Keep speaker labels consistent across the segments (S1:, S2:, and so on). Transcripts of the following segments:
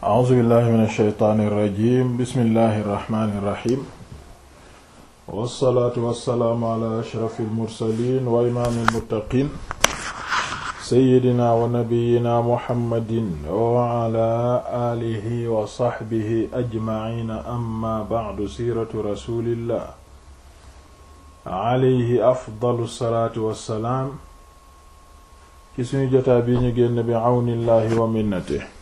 S1: a'uuzu billahi min alsheytaani irrajim bismillahi irrahmani irrahim wassalaatu wassalaamu ala ashrafi almursalin wa imaami almuttaqin sayidina wa nabiyina muhammadin wa ala aalihi wa saxbihi ajmaciina amma bacdu siiratu rasulillah alayhi afdalu salaatu wassalaam ci suñu jotaa bi ñu génn bi awnillahi wa minnatihi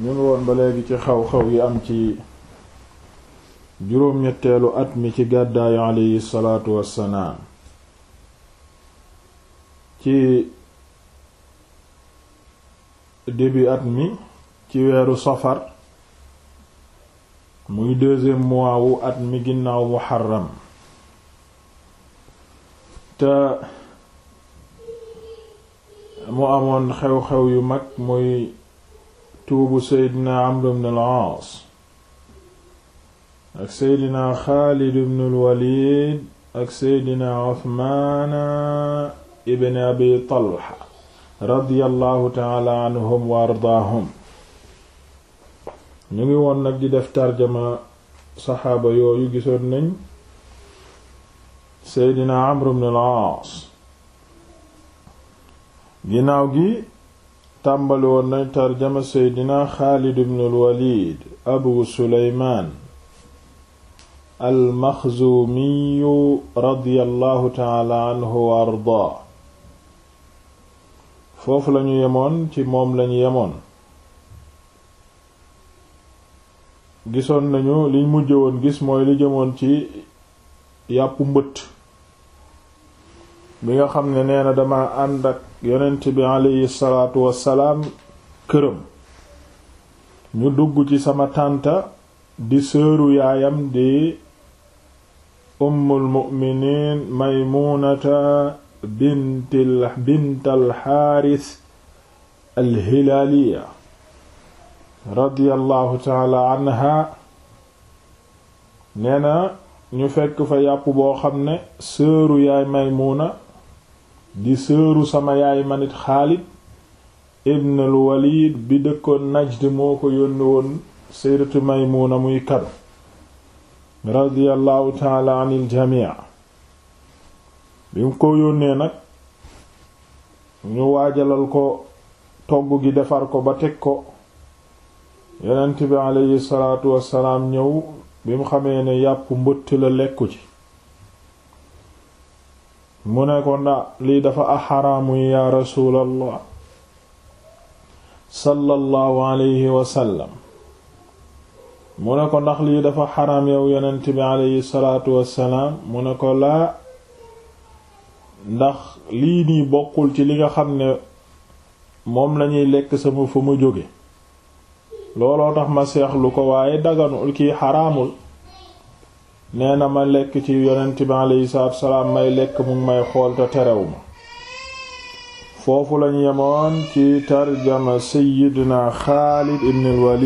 S1: ñu ngi woon ba léegi ci xaw-xaw yi am ci juróom-ñetteelu at mi ci gàddaayu aleyhi salaatu wassalaam ci début at mi ci weeru safar muy deuxième mois wu at mi ginnaaw muharram te mu amoon xew-xew yu mag muy tuubu seydina amr ibn al-aas ak seydina xaalid ibn al-walid ak seydina uthmaana ibn abi talha radiyallahu taala anhum wa ardaahum ñu ngi woon nag di def tarjama saxaaba yooyu gisoon nañ seydina amr ibn al-aas ginnaaw gi tàmbali woon nañ tarjama seydina xaalid bnul walid abu suleymaan almaxzuumiyu radiyallahu taala anhu wa ardaa foofu lañu yemoon ci moom lañu yemoon gisoon nañu li mujj woon gis mooy li jëmoon ci yàppu mbëtt bi nga xam ne nee na dama ànd ak yonent bi aleyhi salaatu wassalaam këram ñu dugg ci sama tànta di sëru yaayam di ummul mu'miniin maymuunata bintil bintal xaaris alhilaaliya radiyallahu taala anha nee ñu fekk fa yàpp boo xam ne sëru yaay maymuuna di seeru sama yaay manit Xaalid ibn al-Walid bi dëkkoon Najd moo ko yónni woon sayyidatu Maymuna muy kado radiyallahu taala anil jamii bi mu ko yónnee nag ñu waajalal ko togg gi defar ko ba teg ko yonent bi aleyhi salaatu wassalaam ñëw bi mu xamee ne yàpp mbëtt la lekku ci mu ne ko nda lii dafa xaramu yaa rasuulallah sallallahu alayhi wasallam mu ne ko ndax lii dafa xaraam yow yonent bi alayhi salaatu wassalaam mu ne ko laa ndax lii nii bokkul ci li nga xam ne moom lañuy lekk sama fa ma jóge looloo tax ma seexlu ko waaye daganul kiy xaramul nee na ma lekk ci yonent bi aleyhi salaatu salaam may lekk mu ngi may xool te terew ma foofu lañu yemoon ci tarjama Seyyidina Xaalid ibn al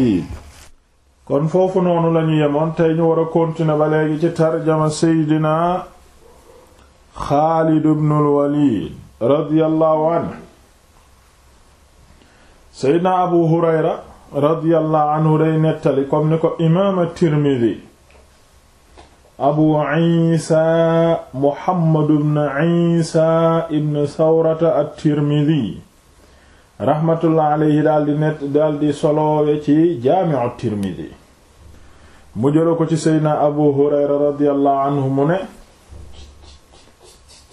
S1: kon foofu noonu lañu yemoon tey ñu war a ba léegi ci tarjama Seyyidina Xaalid ibn al-Walid radiyallahu anhu Seyyidina Abu Hurayra radiyallahu anhu day nettali comme ni ko imaam at abu isa muhammadu bnu isa ibn sawrata at-tirmidi rahmatullah aleyhi daldi net ci jaamicu tirmidi mu jëlo ko ci seydna abu hurayra radiyallahu anhu mu ne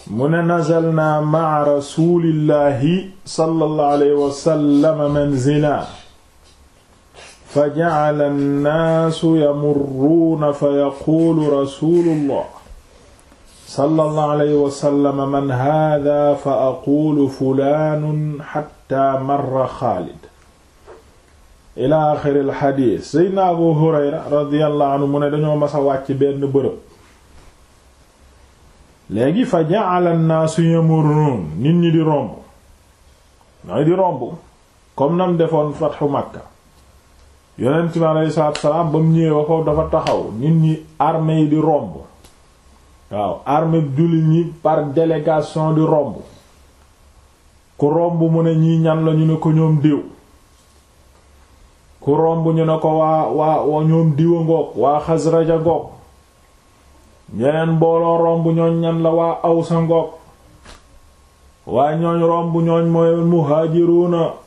S1: mu ne nazalnaa maca rasulillahi sallallahu manzila fa jacala annaasu yamurruuna fa yaquulu rasuulullah sallallahu alayhi wa sallam man haadaa fa aquulu fulaanun xatta marra xaalid ila axiri alxadiis seydna abu hurayra radiyallahu anhu mu ne dañoo mas a wàcc benn bërëb léegi fa ja'ala an-naasu yamurruun nit ñi di romb ñooy di romb comme nam defoon fatxu makka yonent bi salaam ba mu ñëwee ba dafa taxaw nit ñi armée yi di romb waaw armée jullit ñi par délégation di romb ku romb mu ne ñii ñan la ñu ne ko ñoom diw ku romb ñu ne ko waa waa ñoom diwa ngoog waa Xasraja ngoog ñeneen mbooloo romb ñooñ ñan la waa Awsa ngoog waa ñooñ romb ñooñ mooy muhaajiruuna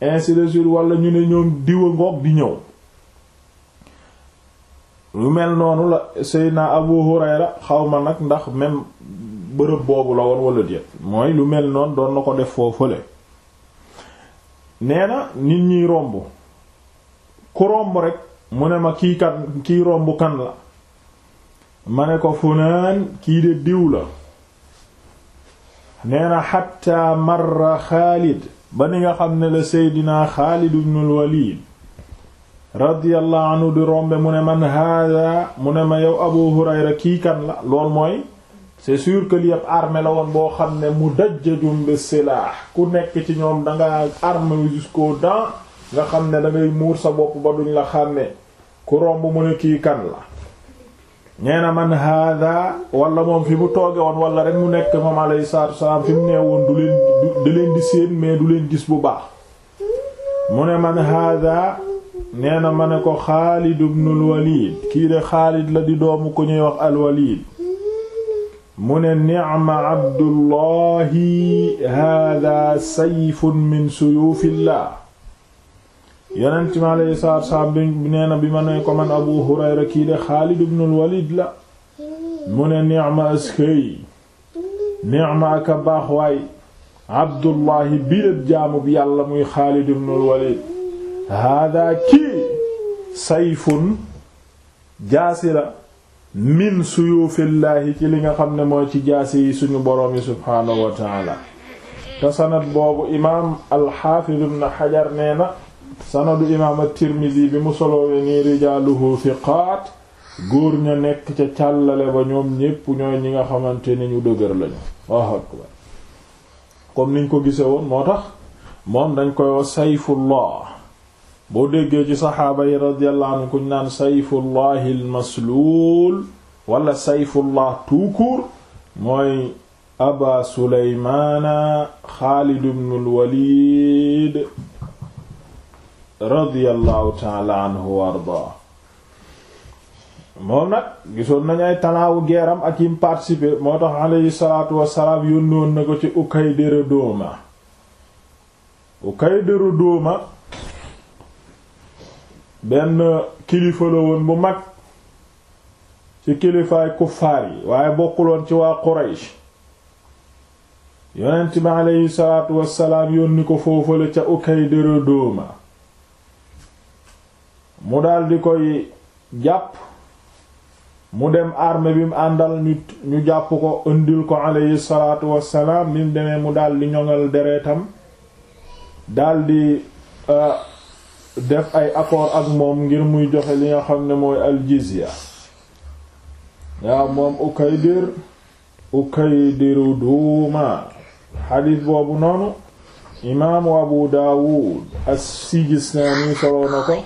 S1: ainsi de suite wala ñu ne ñoom diwa ngoog di ñëw lu mel noonu la Seydina Abu Hurayra xawma nag ndax même bërëb boobu la woon mooy lu mel noon doon na ko def foofale nee na nit ñiy romb ku romb rek mu ne ma kii kat kii romb kan la ma ne ko funaan kii de diw la nee na xatta marra Xaalid ba ni nga xam ne la seydinaa Xaalid ibnul Waliid radiyallahu anhu di rombe mu ne man hada mu ne ma yow Abu Hurayra kii kan la lool mooy c'est sûr que li yëpp la woon boo xam ne mu dajjajum bi silah ku nekk ci ñoom danga armé jusqu'aux dents nga xam ne da muur sa bopp ba duñ la xàmmee ku romb mu ne kii kan la nee na man hada wala moom fi mu tooge woon walla rek mu nekk moom alayhi salaatu wasalaam fi mu nee woon du leen di séen mais du leen gis bu baax mu ne man hada nee na ma ne ko Xaalid ibnul Walid kii de Xaalid la di doomu ko ñuy wax al mu ne ni'ma abdullahi hada sayfun min suyuufillah yeneen ci ma lay saar saar bi nee na bi ma nee ko man Abu Hurayra kii de Xaalid ibnul Walid la mu ne ni'ma askay ni'ma aka baax waay Abdullahi biléb jaamu bi yàlla muy Xaalid ibnul Walid haadaa kii sayfun jaasi la min suyuufillaahi ci li nga xam ne mooy ci jaasi yi suñu boroom yi subhaanahu wa te sanad boobu imaam alxaafiz ibn Hajar nee na sanadu imaam at-Tirmidhi bi mu soloowe nii rijaaluhu thiqaat góor ña nekk ca càllale ba ñoom ñépp ñooy ñi nga xamante ni ñu dëgër lañu waaw niñ ko gise woon moo tax moom dañ koy wax sayfullah boo déggee ci saxaaba yi radiyallahu anhu kuñ naan sayfullahi al-masluul wala sayfullah tout court mooy aba suleymaana xaalid ibn al-walid radiyallahu taala anhu moom nag gisoon nañu ay tanaawu geeram ak yim participé moo tax alayhi salaatu wassalaam yónnoon na ko ci Ukaydir Duma Ukaydir Duma benn kilifa la woon bu mag ci kilifaay kuffaar yi waaye bokkuloon ci waa Quraysh yonent bi alayhi salaatu wassalaam yónni ko foofale ca Ukaydir Duma mu daldi koy jàpp mu dem arme bi mu àndal ñu ñu jàpp ko indil ko aleyhi salaatu wassalaam bi mu demee mu dal di ñoŋal deretam dal euh, def ay accord ak moom ngir muy joxe li nga xam ne mooy aljizya waaw moom ukaydir ukaydiru duuma xadiis boobu noonu imaamu abu daawud as-sijistaani soloo na ko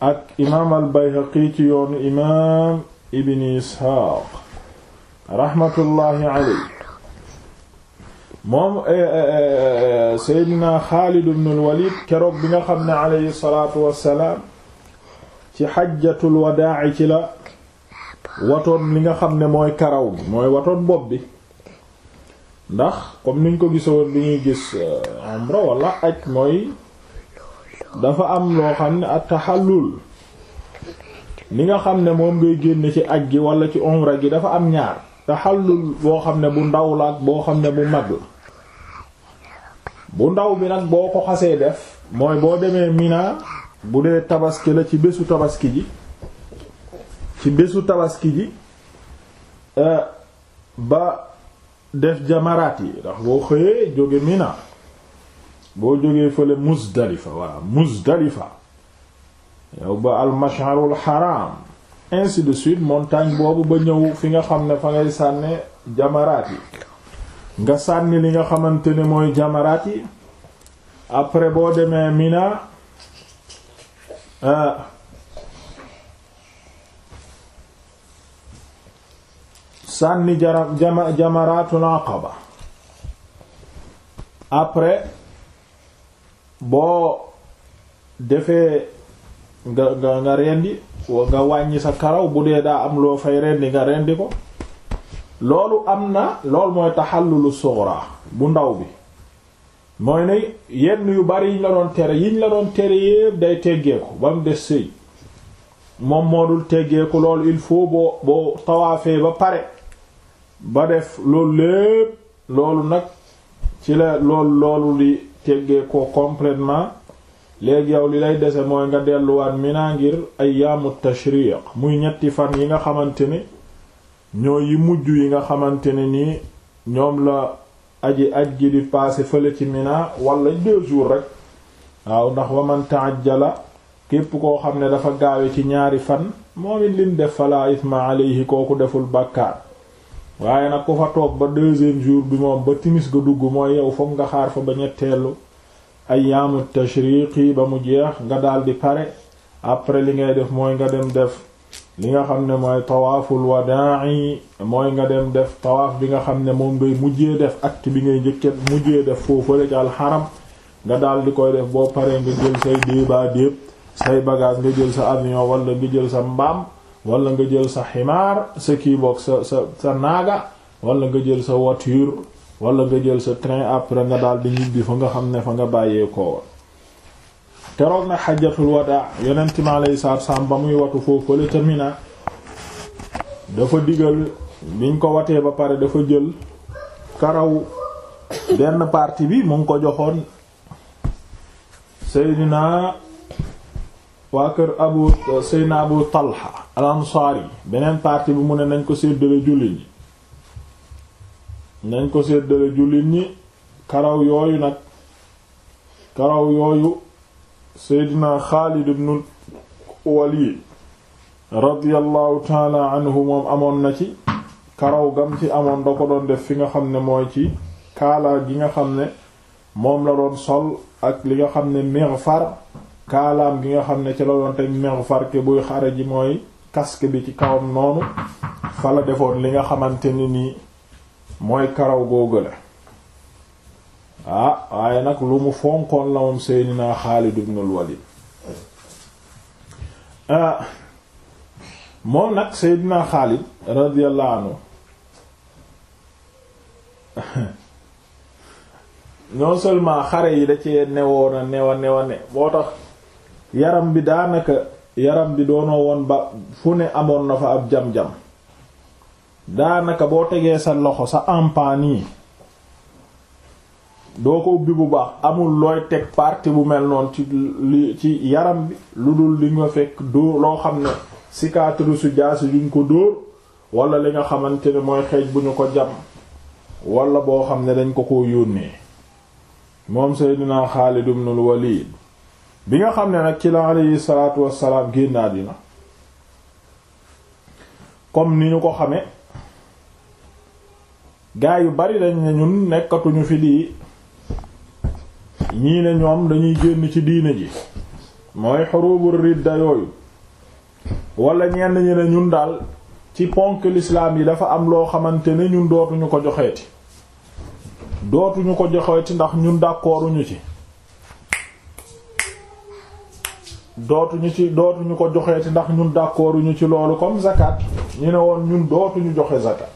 S1: ak imaam al-Bayhaqi ci yoon imaam Ibn Isxaaq raxmatullaahi alayhi moom eh, eh, eh, Seydina Xaalid ibn al-Walid keroog bi nga xam ne alayhi salaatu wassalaam ci xajjatul wadaa ci la watoon li nga xam ne mooy karaw gi mooy watoon bopp bi ndax comme niñ ko gisoon li ñuy gis umra walla aj mooy dafa am loo xam ne at-tahallul ni nga xam ne moom ngay génne ci ak gi wala ci umra gi dafa am ñaar tahallul boo xam ne bu ndaw la ak boo xam ne bu mag bu ndaw bi nag boo ko xasee def mooy boo demee Mina bu dee tabaski la ci bésu tabaski ji ci bésu tabaski ji euh, ba def jamaraat yi ndax boo xëyee jóge Mina boo jógee fële Muzdalifa voilà Muzdalifa yow ba al-Mash'arul Haram ainsi de suite montagne boobu ba ñëw fi nga xam ne fa ngay sànne jamaraat yi nga sànni li nga xamante ni mooy jamaraat yi après boo demee Mina euh, sànni jara jamaratul après boo defee nga nga rendi nga wàññi sa karaw bu dee daa am loo fay rendi nga rendi ko loolu am na lool mooy lu sughra bu ndaw bi mooy ne yenn yu bari yiñ la doon tere yiñ la doon tere yépp day teggeeku ba mu des sëy moom moo dul teggeeku loolu il faut boo boo tawaafee ba pare ba def loolu lépp loolu nag ci la loolu loolu li teggee ko completement léegi yow li lay dese mooy nga delluwaat Mina ngir ay ayyaamu tashriq muy ñetti fan yi nga xamante ni ñoo yi mujj yi nga xamante ne nii ñoom la aji aj gi di paase fële ci Mina walla deux jours rek waaw ndax wa man képp koo xam ne dafa gaawe ci ñaari fan moo it lim def fala isma alayhi kooku deful bàkkaar waaye nag ku fa toog ba deuxième jour bi moom ba timis ga dugg mooy yow foog nga xaar fa ba ñetteelu ay ayaamu tashriqi ba mu jeex nga di pare après li ngay def mooy nga dem def li nga xam ne mooy tawaaful wadaa'i nga dem def tawaaf bi nga xam ne moom ngay mujjee def acte bi ngay njëkket mujjee def foofale ci alxaram nga di koy def boo paree nga jël say déebaa déeb say bagage nga jël sa avion wala nga jël sa mbaam wala nga jël sa ximaar sa kii boog sa sa naaga wala nga jël sa voiture wala nga jël sa train après nga daal di ñibbi fa nga xam ne fa nga bàyyee koo keroog nag xajatul wada time mi alayhi salaatu salaam ba muy watu foofu la ca Mina dafa digal biñ ko watee ba pare dafa jël karaw benn partie bi mu ngi ko joxoon Seydina waa kër abu euh, seyna abu talha al ansaari beneen partie bi mu ne nañ ko séddale jullit ñi ko séddale jullit ñi karaw yooyu nag karaw yooyu seydina xaalid ibnu walid radiallahu taala anhu moom amoon na ci karaw gam ci amoon da ko doon def fi nga xam ne mooy ci kaala gi nga xam ne moom la doon sol ak li nga xam ne mighfar kaalaam gi nga xam ne ci la doon teg Mighfar ke buy xare ji mooy casque bi ci kawam noonu fa defoon li nga xamante ni nii mooy karaw googu la ah waaye nag lu mu fonkoon la moom Seydina Xaalid ibnul Walid ah moom nag xare yi da ci newoon a newa newa ne boo tax yaram bi daanaka yaram bi doonoo woon ba fu ne amoon na fa ab jam-jam daanaka boo tegee sa loxo sa empan yi doo ko ubbi bu baax amul looy teg parti bu mel noonu ci yaram bi lu dul li nga fekk dóor loo xam ne cicatrice jaasi yuñ ko dóor walla li nga xamante ne mooy xeej bu ñu ko jam wala boo xam ne dañ ko ko yónnee moom Seydina Xaalid ibn al Walid bi nga xam ne nag ci la alayhi salaatu wassalaam génn àddina comme ni ñu ko xame gaa yu bari dañ ne ñun nekkatuñu fi lii ñii ne ñoom dañuy génn ci diine ji mooy xurubur ridda yooyu wala ñenn ñi ne ñun daal ci ponk lislaam yi dafa am loo xamante ne ñun dootuñu ko joxeeti dootuñu ko joxeeti ndax ñun d'accorduñu ci dootuñu ci dootuñu ko joxeeti ndax ñun d'accorduñu ci loolu comme zakat ñu ne woon ñun dootuñu joxe zakat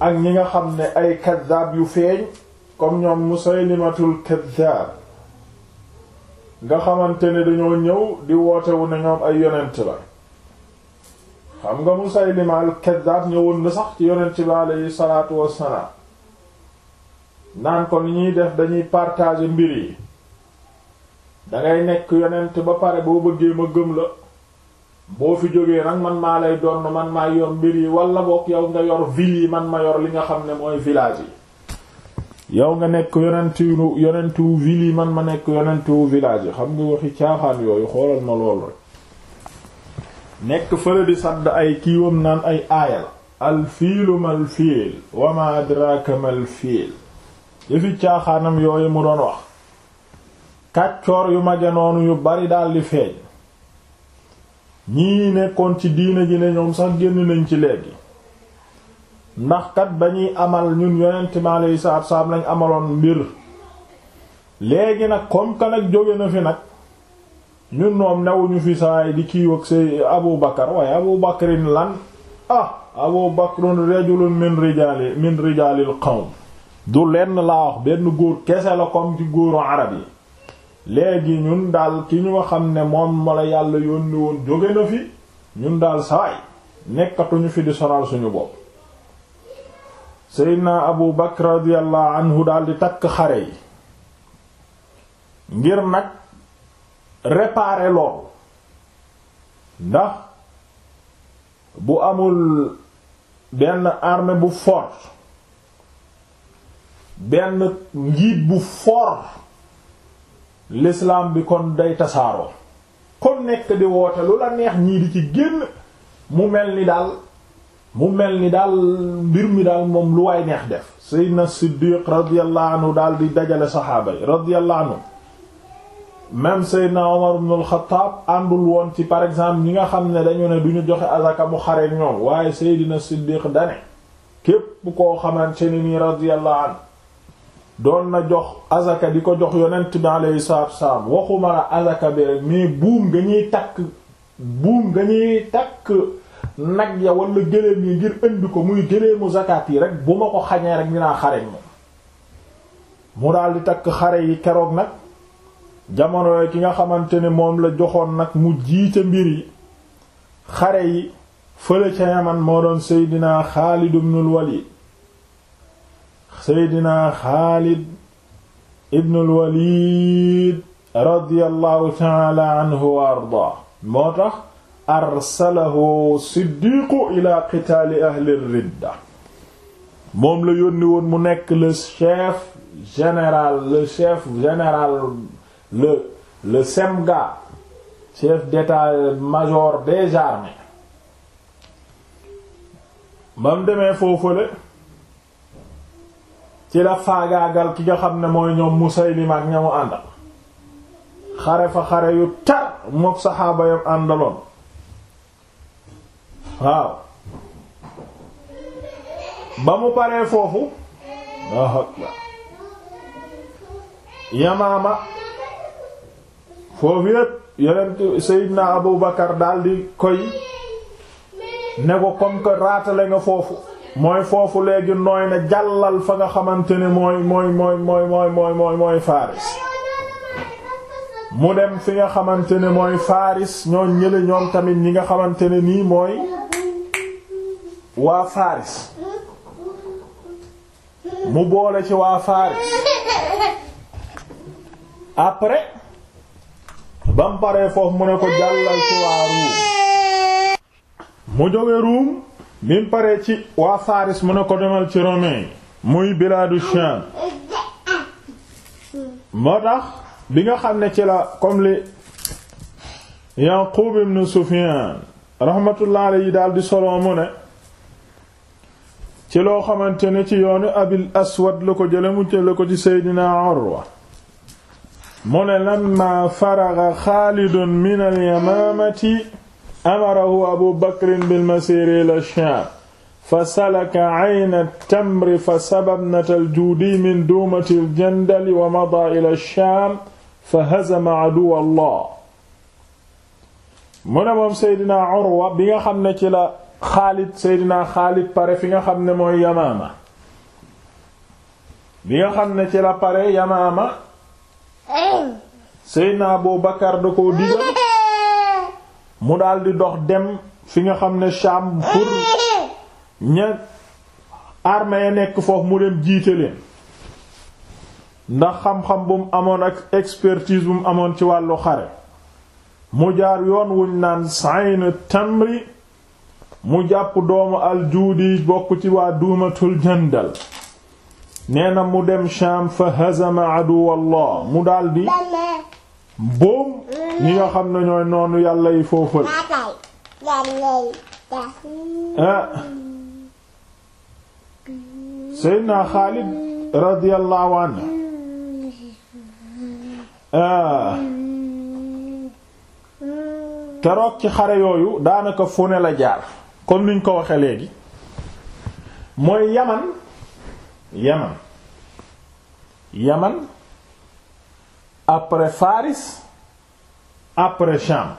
S1: ak ñi nga xam ne ay kaddaab yu feeñ comme ñoom mu musaylimatul kaddaab nga xamante ne dañoo ñëw di wootewu ne ñoom ay yonent la xam nga mu musaylima al kaddaab ñëwoon na sax ci yonent bi yi salaatu wassalaam naan ko ni ñuy def dañuy partager mbir yi dangay nekk yonent ba pare boo bëggee ma gëm la boo fi jógee nag man maa lay doon man maa yor mbir yi walla boog yow nga yor ville man ma yor li nga xam ne mooy village yi yow nga nekk yonentu yonentu ville man ma nekk yonentu village yi xam nga waxi caaxaan yooyu xoolal ma lool rek nekk fële sàdd ay kiiwam naan ay aaya la alfiilu mal fiil wa ma fiil yëfi caaxaanam yooyu mu doon wax kàccoor yu maje noonu yu bari daldi feeñ ñii nekkoon ci diine ji ne ñoom sax génn nañ ci léegi ndax kat ba ñuy amal ñun yonent mi alayhi salaatu lañ amaloon mbir léegi nag koom que jóge na fi nag ñun moom newuñu fi saay di kii ak say Abu Bakar waaye Abu Bakrin lan ah Abu Bakrun rajulun min rijaalil qawm du lenn laa wax benn góor kese la comme ci góoru arab yi léegi ñun daal ki ñu xam ne moom ma la yàlla yónni woon jóge na fi ñun daal saay nekkatuñu fi di sonal suñu bopp seydna abu bakr radiyallahu anhu takk xare yi ngir nag réparer loolu ndax bu amul benn armée bu fort benn njiit bu fort lislaam bi kon day tasaaroo kon nekk di woote lu la neex ñii di ci génn mu mel ni daal mu mel ni daal mbir mi daal moom lu waay neex def Seydina Siddiq radiyallahu anhu daal di dajale saxaaba yi radiyallahu anhu même Seydina Omar ibn al àndul woon ci par exemple ñi nga xam ne dañu ne duñu joxe azaka mu xare ñoom waaye Seydina Siddiq dane képp koo xamante ni nii radiyallahu anhu doon na jox azaka di ko jox yonent bi alayhi salaatu wasalaam waxuma la azaka bi rek mais buum nga ñuy takk buum nga ñuy takk nag ya wala gëléem yi ngir indi ko muy gëléemu zakat yi rek bu ma ko xañee rek dinaa xareñ moom mu daal di takk xare yi keroog nag jamono ki nga xamante ne moom la joxoon nag mu jiite mbir yi xare yi fële ca Yaman moo doon Seydina Xaalid wal yi seydina xaalid ibnul walid radiyallahu taala anhu wa ardaa moo tax arsalahu siddiqu ila qitaali ahli ridda moom la yónni woon mu nekk le chef général le chef général le le semga chef d'état-major des armées bam demee foofale ci la faagaagal ki nga xam ne mooy ñoom Musaylima ak ñamu àndal xare fa xare yu tar mook saxaaba yam àndaloon waaw ba mu paree foofu Yamaama foofu yépp yeneen Seydina Abu daldi koy ne ko comme que raatale nga foofu mooy foofu léegi nooy na jàllal fa nga xamante ne mooy mooy mooy mooy mooy mooy mooy mooy Faris mu dem fi nga xamante ne mooy Faris ñoom ñële ñoom tamit ñi nga xamante ne nii mooy waa Faris mu boole ci waa Faris après ba mu paree foofu mu ne ko jàllal ci waa Ruum mu jóge Ruum bi mu paree ci waa Faris mu ne ko demal ci romain muy bilaadu Sham moo tax bi nga xam ne ci la comme li Yaqub ibn Sufyan rahmatullah alayhi daal di solo mu ne ci loo xamante ne ci yoonu abil aswad la ko jële mu jële ko ci seydina Urwa mu ne lamma faraga Xaalidun min yamaamati amarahu abu bakrin bilmasiri ila shaam fa salaka ayna tamri fa sababnata aljuudi min duumati aljandali wa mada ila shaam fa hazama aduwa allah mu ne moom seydina urwa bi nga xam ne ci la xaalid seydina xaalid pare fi nga xam ne mooy yamaama bi nga xam ne ci la pare yamaama seydina abu bakar da ko digal mu daldi dox dem fi nga xam ne Sham pour ña armée nekk foofu mu dem jiite leen ndax xam-xam bu amoon ak expertise bu mu amoon ci wàllu xare mu jaar yoon wuñ naan sayn tamri mu jàpp doomu al aljuudi bokk ci waa duumatul jandal nee na mu dem Sham fa hazama aduwallah mu daldi boom ñi nga xam ne ñooy noonu yàlla yi foofal eh. Seydina Xaalid radiyallahu anhu eh. keroog ci xare yooyu daanaka fu la jaar comme niñ ko waxe léegi mooy Yaman Yaman Yaman après Faris après Cham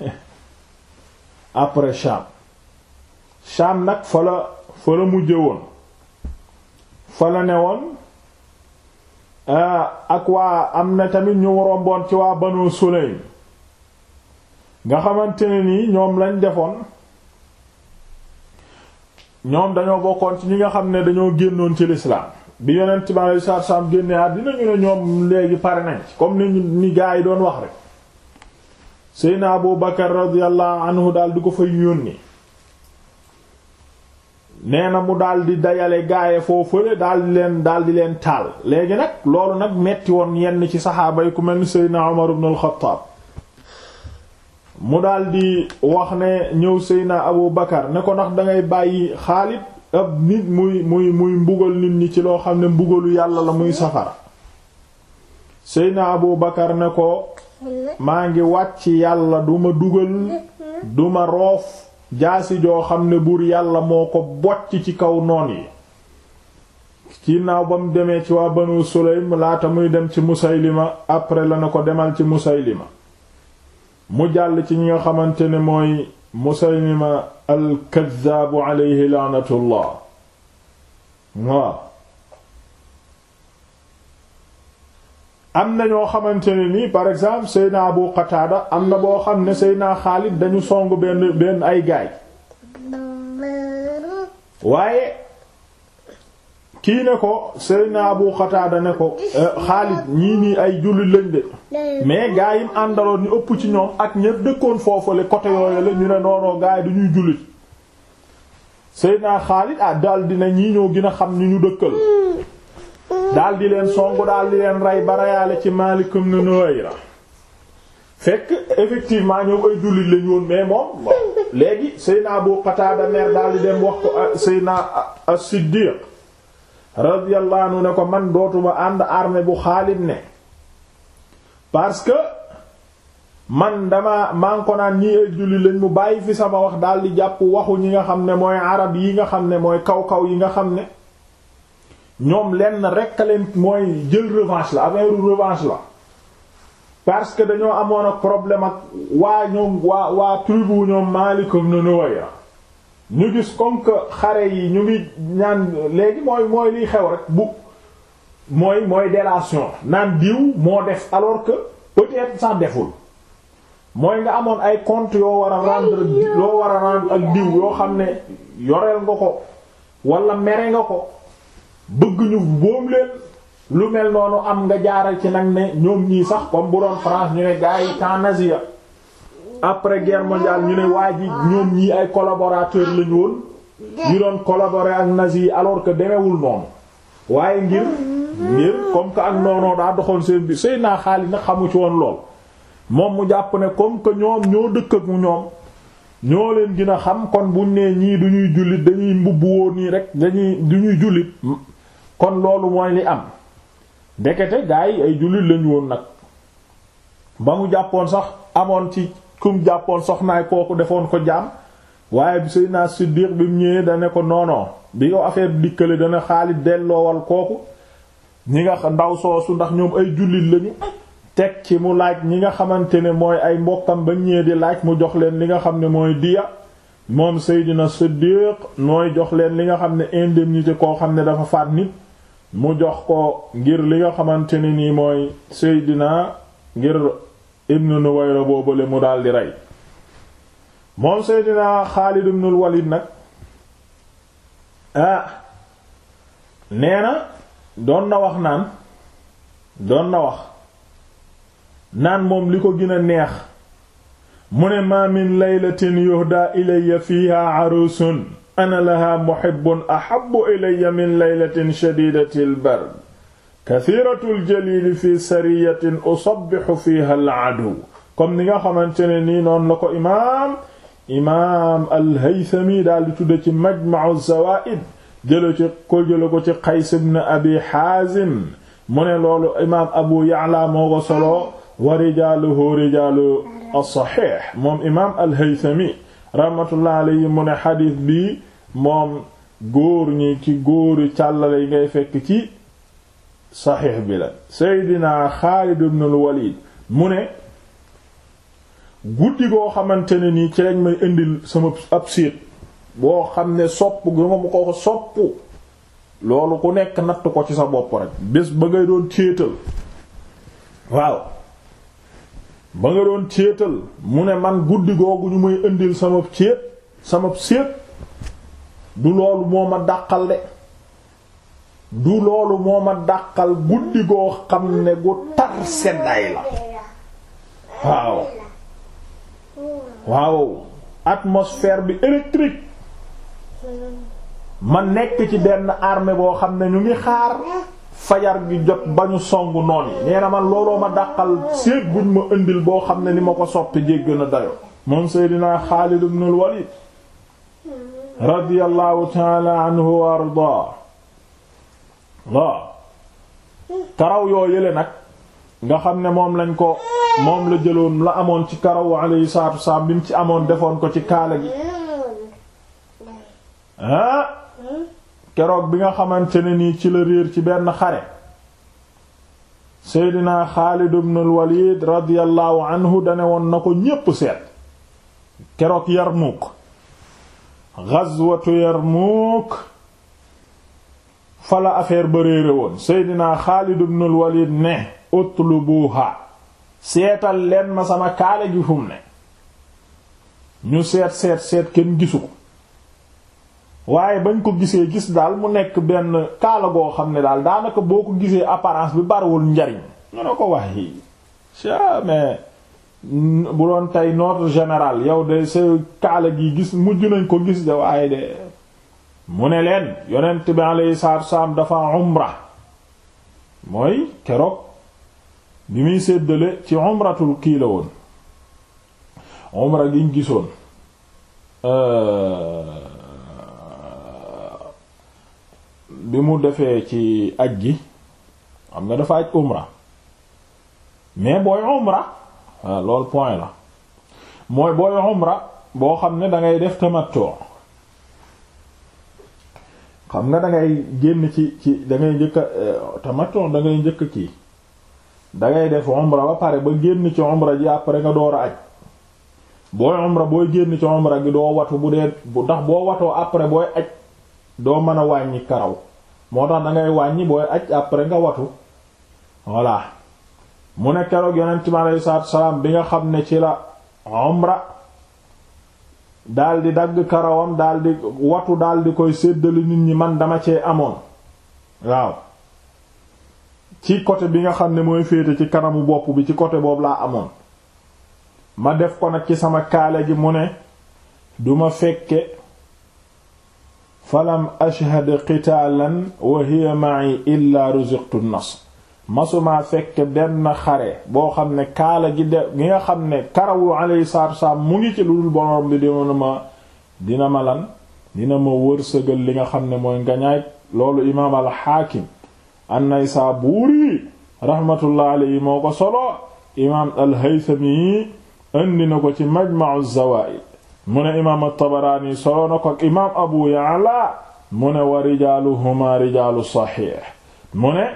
S1: après Cham Cham nag fa la fa la mujje woon fa la ne woon ah, ak waa am na tamit ñu romboon ci waa Banu Sulaym nga xamante ne nii ñoom lañ defoon ñoom dañoo bokkoon ci ñi nga xam ne dañoo génnoon ci lislaam bi yonent bi alayhi salaatu salaam génne ñu ne ñoom léegi pare nañ ci comme ni ni gaa yi doon wax rek Seydina Abu Bakar radiyallahu anhu daal di ko fay yónni nee na mu daldi dajale gaaye foofule daal di leen daal di leen taal léegi nag loolu nag metti woon yenn ci saxaaba yi ku mel ni Seydina Umar ibn al-Khattab mu daal wax ne ñëw Seydina Abu Bakar ne ko ndax dangay bàyyi Xaalid ab nit muy muy muy mbugal nit ñi ci loo xam ne mbugalu yàlla la muy safara seyna abu bakar ne ko maa ngi wàcc yàlla duma dugal duma roof jaasi joo xam ne buur yàlla moo ko bocc ci kaw noon yi ginnaaw ba mu demee ci waa banu sulaym laata muy dem ci ma après la na ko demal ci musaylima mu jàll ci ñi nga xamante ne mooy Musaylima al-kazzaabu alayhi laanatullah am na ñoo xamante ne nii par exemple Seydina Abu Qatada am na boo xam ne Seydina xaalit dañu song benn benn ay gaay waaye kii ne ko Seydina bu Qatada ne ko eh, Xaalid ñii nii ay jullit lañ de mais gaa yi mu àndaloon ñu ëpp ci ñoom ak ñëpp dëkkoon foofule côté yooyu la ñu ne noonoo gaa yi du ñuy jullit Seydina Xaalid ah daal di ne ñii ñoo gin a xam ñu ñu dëkkal daal di leen songu daal di leen rey ba reyaale ci Maalik ibn Nuwayra fekk effectivement ñoom ay jullit lañ woon mais moom léegi Seydina Abu Qatada mer daal di dem wax ko ah, Seydina ah, As-Siddiq radiyallahu anhu ne ko man dootuma ànd armée bu Xaalid ne parce que man dama maa ko naan ñii ay julli lañ mu bàyyi fi sama wax daal di jàpp waxu ñi nga xam ne mooy arab yi nga xam ne mooy kaw-kaw yi nga xam ne ñoom lenn rekk leen mooy jël revanche la affaire revanche la parce que dañoo amoon ak problème ak waa ñoom waa waa tribu ñoom Maalik ibn Nuwayra ñu gis comme que xare yi ñu ngi ñaan léegi mooy mooy liy xew rek bu mooy mooy délation naan diw moo def alors que peut sax deful mooy nga amoon ay compte yoo war a rendre yoo war a rendre ak diw yoo xam ne yoreel nga ko wala mere nga ko bëgg ñu boom leen lu mel noonu am nga jaaral ci nag ne ñoom ñii sax comme bu doon France ñu ne gars yi temps nazi ya après guerre mondiale ñu ne waa ji ñoom ñii ay collaborateur lañu woon ñu doon collaborer ak nazi yi alors que demewul noonu waaye ngir ngir comme que ak noonoo daa doxoon seen bi sëy naa xaalis nag xamu ci woon lool moom mu jàpp ne comme que ñoom ñoo dëkk ak mu ñoom ñoo leen gën a xam kon buñ nee ñii du ñuy jullit dañuy mbubb woo nii rek dañuy du ñuy jullit kon loolu mooy li am ndekete gaa yi ay jullit lañu woon nag ba mu jàppoon sax amoon ci kum jàppoon soxnaay kooku defoon ko jaam waaye bi Seydina Siddiq bi mu ñëwee dane ko noonoo bi ko affaire dikkale dana Xaalid delloowal kooku ñi nga ndaw soosu ndax ñoom ay jullit lañu teg ci mu laaj ñi nga xamante ne mooy ay mbokkam ba ñëwee di laaj mu jox leen li nga xam ne mooy diya moom Seydina Siddiq mooy jox leen li nga xam ne indemnité koo xam ne dafa faat nit mu jox ko ngir li nga xamante ne nii mooy Seydina ngir ibnu nuwayra boobale mu daal rey moom seydinaa xaalid ibnul walid nag ah, nee na doon na wax naan doon na wax naan moom li ko gën a neex mu ne ma min laylatin yuhda ilayya fiha arusun ana laha muhibbun ahabbu ilayya min laylatin shadidatil bard kathiratul jalili fi sariyatin usabbihu fiha al aduw ni nga xamante ne nii noonu la ko imaam imaam al daal di tudde ci Majma'u Zawaa'id ko jële ko ci Qays ibn Abi Haazim mu ne loolu imaam Abu Ya'la moo ko solo wa rijaaluhu rijaalu as-sahih moom imaam al-Haythami mu ne xadiis bi moom góor ñi ci góori càllale yi ngay fekk ci saxiix bi la Seydina Xaalid ibn al-Walid mu ne guddi goo xamante ne nii ci may indil sama ab siit boo xam ne sopp gu ma ko sopp loolu ku nekk natt ko ci sa bopp rek bés ba ngay doon téetal waaw ba nga doon téetal mu ne man guddi googu ñu may indil sama céet sama séet du loolu moo ma dàqal de du loolu moo ma dàqal guddi goo xam ne gu tar seddaay la waaw waaw atmosphère bi électrique ma nekk ci benn arme boo xam ne ñu ngi xaar fajar gi jot ba ñu noon yi nee na man looloo ma dàqal séet buñ ma indil boo xam ne li ma ko soppi jégg na dayo moom Seydina Xaalid ibn al Walid radiyallahu ta'ala anhu ardaa waaw karaw yoo yële nag nga xam ne moom lañ ko moom la jëloon la amoon ci karawu alayhi salaatu wassalaam bi mu ci amoon defoon ko ci kaala gi ah keroog bi nga xamante ne nii ci la réer ci benn xare seydinaa Xaalid ibnul Walid radiyallahu anhu dane woon na ko ñépp seet keroog Yarmuuk ghazwatu Yarmuuk fala affaire ba réere woon seydinaa nul ibn al-Walid ne utlubuha seetal leen ma sama kaala gi fum ne ñu seet seet seet kenn gisu ko waaye bañ ko gisee gis daal mu nekk benn kaala goo xam ne daal daanaka boo ko gisee apparence bi bariwul njariñ ñu ne ko wax yi mais bu doon tey notre général yow de sa kaala gi gis mujj nañ ko gis de waaye de mu ne leen yonent bi alayhi salaatu wassalaam dafa umra mooy keroog bi muy séddale ci umratul kii la woon umra giñ gisoon euh, bi mu defee ci aj gi xam nga dafa aj umra mais booy umra loolu point la mooy booy umra boo xam ne dangay def tamattu xam nga dangay génn ci ci da ngay njëkk a eh, tamaton da ngay njëkk kii dangay ngay def omra ba pare ba génn ci omra ji après nga door a aj booy omra booy génn ci omra gi doo watu bu dee bu ndax boo watoo après booy aj doo mën a wàññi karaw moo tax da ngay wàññi booy aj après nga watu voilà mu ne keroog yonent mi aleyhi salaam bi nga xam ne ci la omra daal di dagg karawam daal watu daal di koy séddale nit ñi man dama cee amoon waaw ci côté bi nga xam ne mooy féete ci kanamu bopp bi ci côté boobu laa amoon ma def ko nag ci sama kaale gi mu ne duma fekke falam ashhad qitaalan wa hiya ma'i illa ruziqtu an-nasr masuma fekk benn xare boo xam ne kaala gi de nga xam ne karawu alayhi salaatu wassalaam mu ngi ci lu dul borom bi dina ma dina ma lan dina ma wërsëgal li nga xam ne mooy ngañaay loolu imaam al-Haakim an-Naysaabuuri rahmatullah imaam al-Haythami na ko ci Majma'u az-Zawaa'id mu ne imaam at solo na ko ak imaam Abu Ya'la mu ne wa rijaaluhumaa rijaalu saxiix mu ne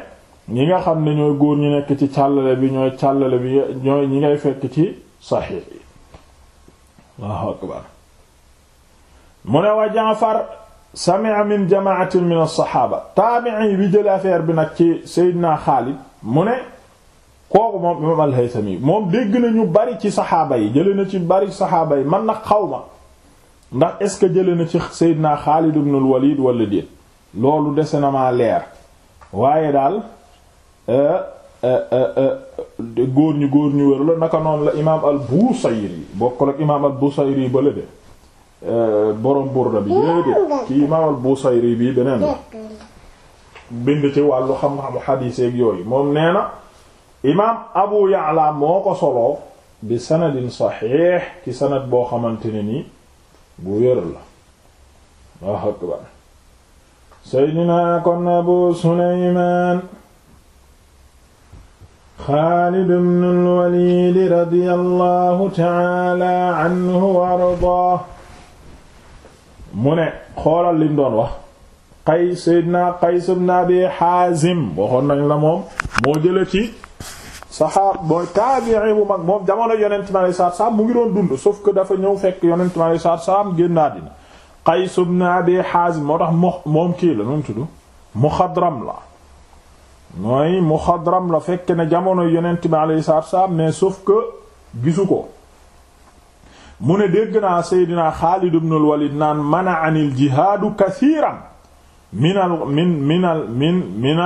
S1: ñi nga xam ne ñooy góor ñu nekk ci càllale bi ñooy càllale bi ñooy ñi ngay fekk ci saxiix yi Allahu akbar mu ne wa Jaafar sami'a min jamaatin min as-saxaaba bi jële affaire bi nag ci Seydina Xaalid mu ne kooku moom imaam al-Haythami moom dégg na ñu bari ci saxaaba yi jële na ci bari saxaaba yi man nag xaw ma ndax est-ce que jële na ci Seydina Xaalid ibn al-Walid wala déet loolu dese na maa leer waaye daal Euh, euh, euh, góor ñu góor ñu wër la naka noonu la imaam al-Busayri bokkul ak imaam al-Busayri ba la de borom Burda bi déedéet ci imaam al-Busayri bi beneen la bind ci wàllu xam-xamu xadiis ak yooyu moom nee na imaam Abu Ya'la moo ko soloo bi sanadin saxiix ci sanad boo xamante ne nii bu la waaw kon Abu Sulaymaan Xaalid ibn al-Walid radiyallahu ta'ala anhu wa ardaa mu ne xoolal lim doon wax Qays sayyidina Qays ibn Abi Haazim waxoon nañ la moom moo jële ci saxaab mooy taabi'i bu mag moom jamono yonent mi alayhi salaatu salaam mu ngi doon dund sauf que dafa ñëw fekk yonent mi alayhi salaatu salaam génn àddina Qays ibn Abi Haazim moo tax moom kii la nu mu tudd Muxadram la mooy muxadram la fekk ne jamono yonent bi alayhi salaatu wassalaam mais sauf que gisu ko mu ne dégg naa seydinaa walid naan mana'ani al-jihaadu kathiran min minal min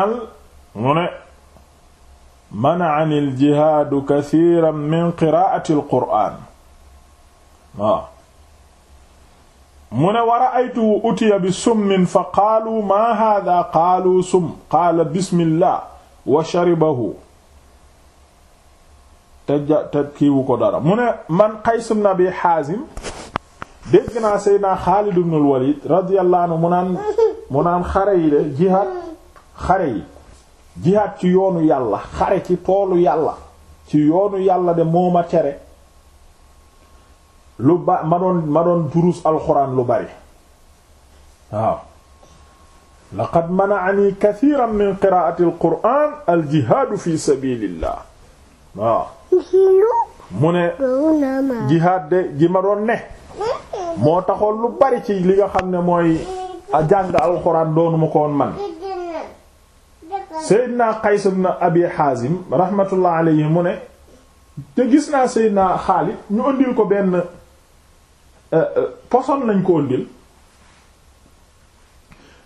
S1: mu ne war a aytu utiya bi summin fa qaalu maa haadaa qaalu sum qaala bismillah wa sharibahu te kiiwu ko dara mu man Qays ibn Abi Haazim dégg naa Seydina Xaalid ibn al-Walid radiyallahu anhu mu naan xare yi de jihaad ci yoonu yàlla xare ci toolu yàlla ci yoonu yàlla de moo ma lu ba ma doon ma alxuraan lu bari waaw laqad mana'ani kathiran min qiraa'ati alqur'aan aljihaadu fi sabilillah waaw mu ne jihaad de ji ma doon ne moo taxoon lu bari ci li nga xam ne mooy a jàng alxuraan doonuma ko woon man Seydina Qays ibn Abi Haazim rahmatullah mu ne te gis naa Seydina Xaalid ñu andil ko benn Euh, euh, poson lañ ko ndil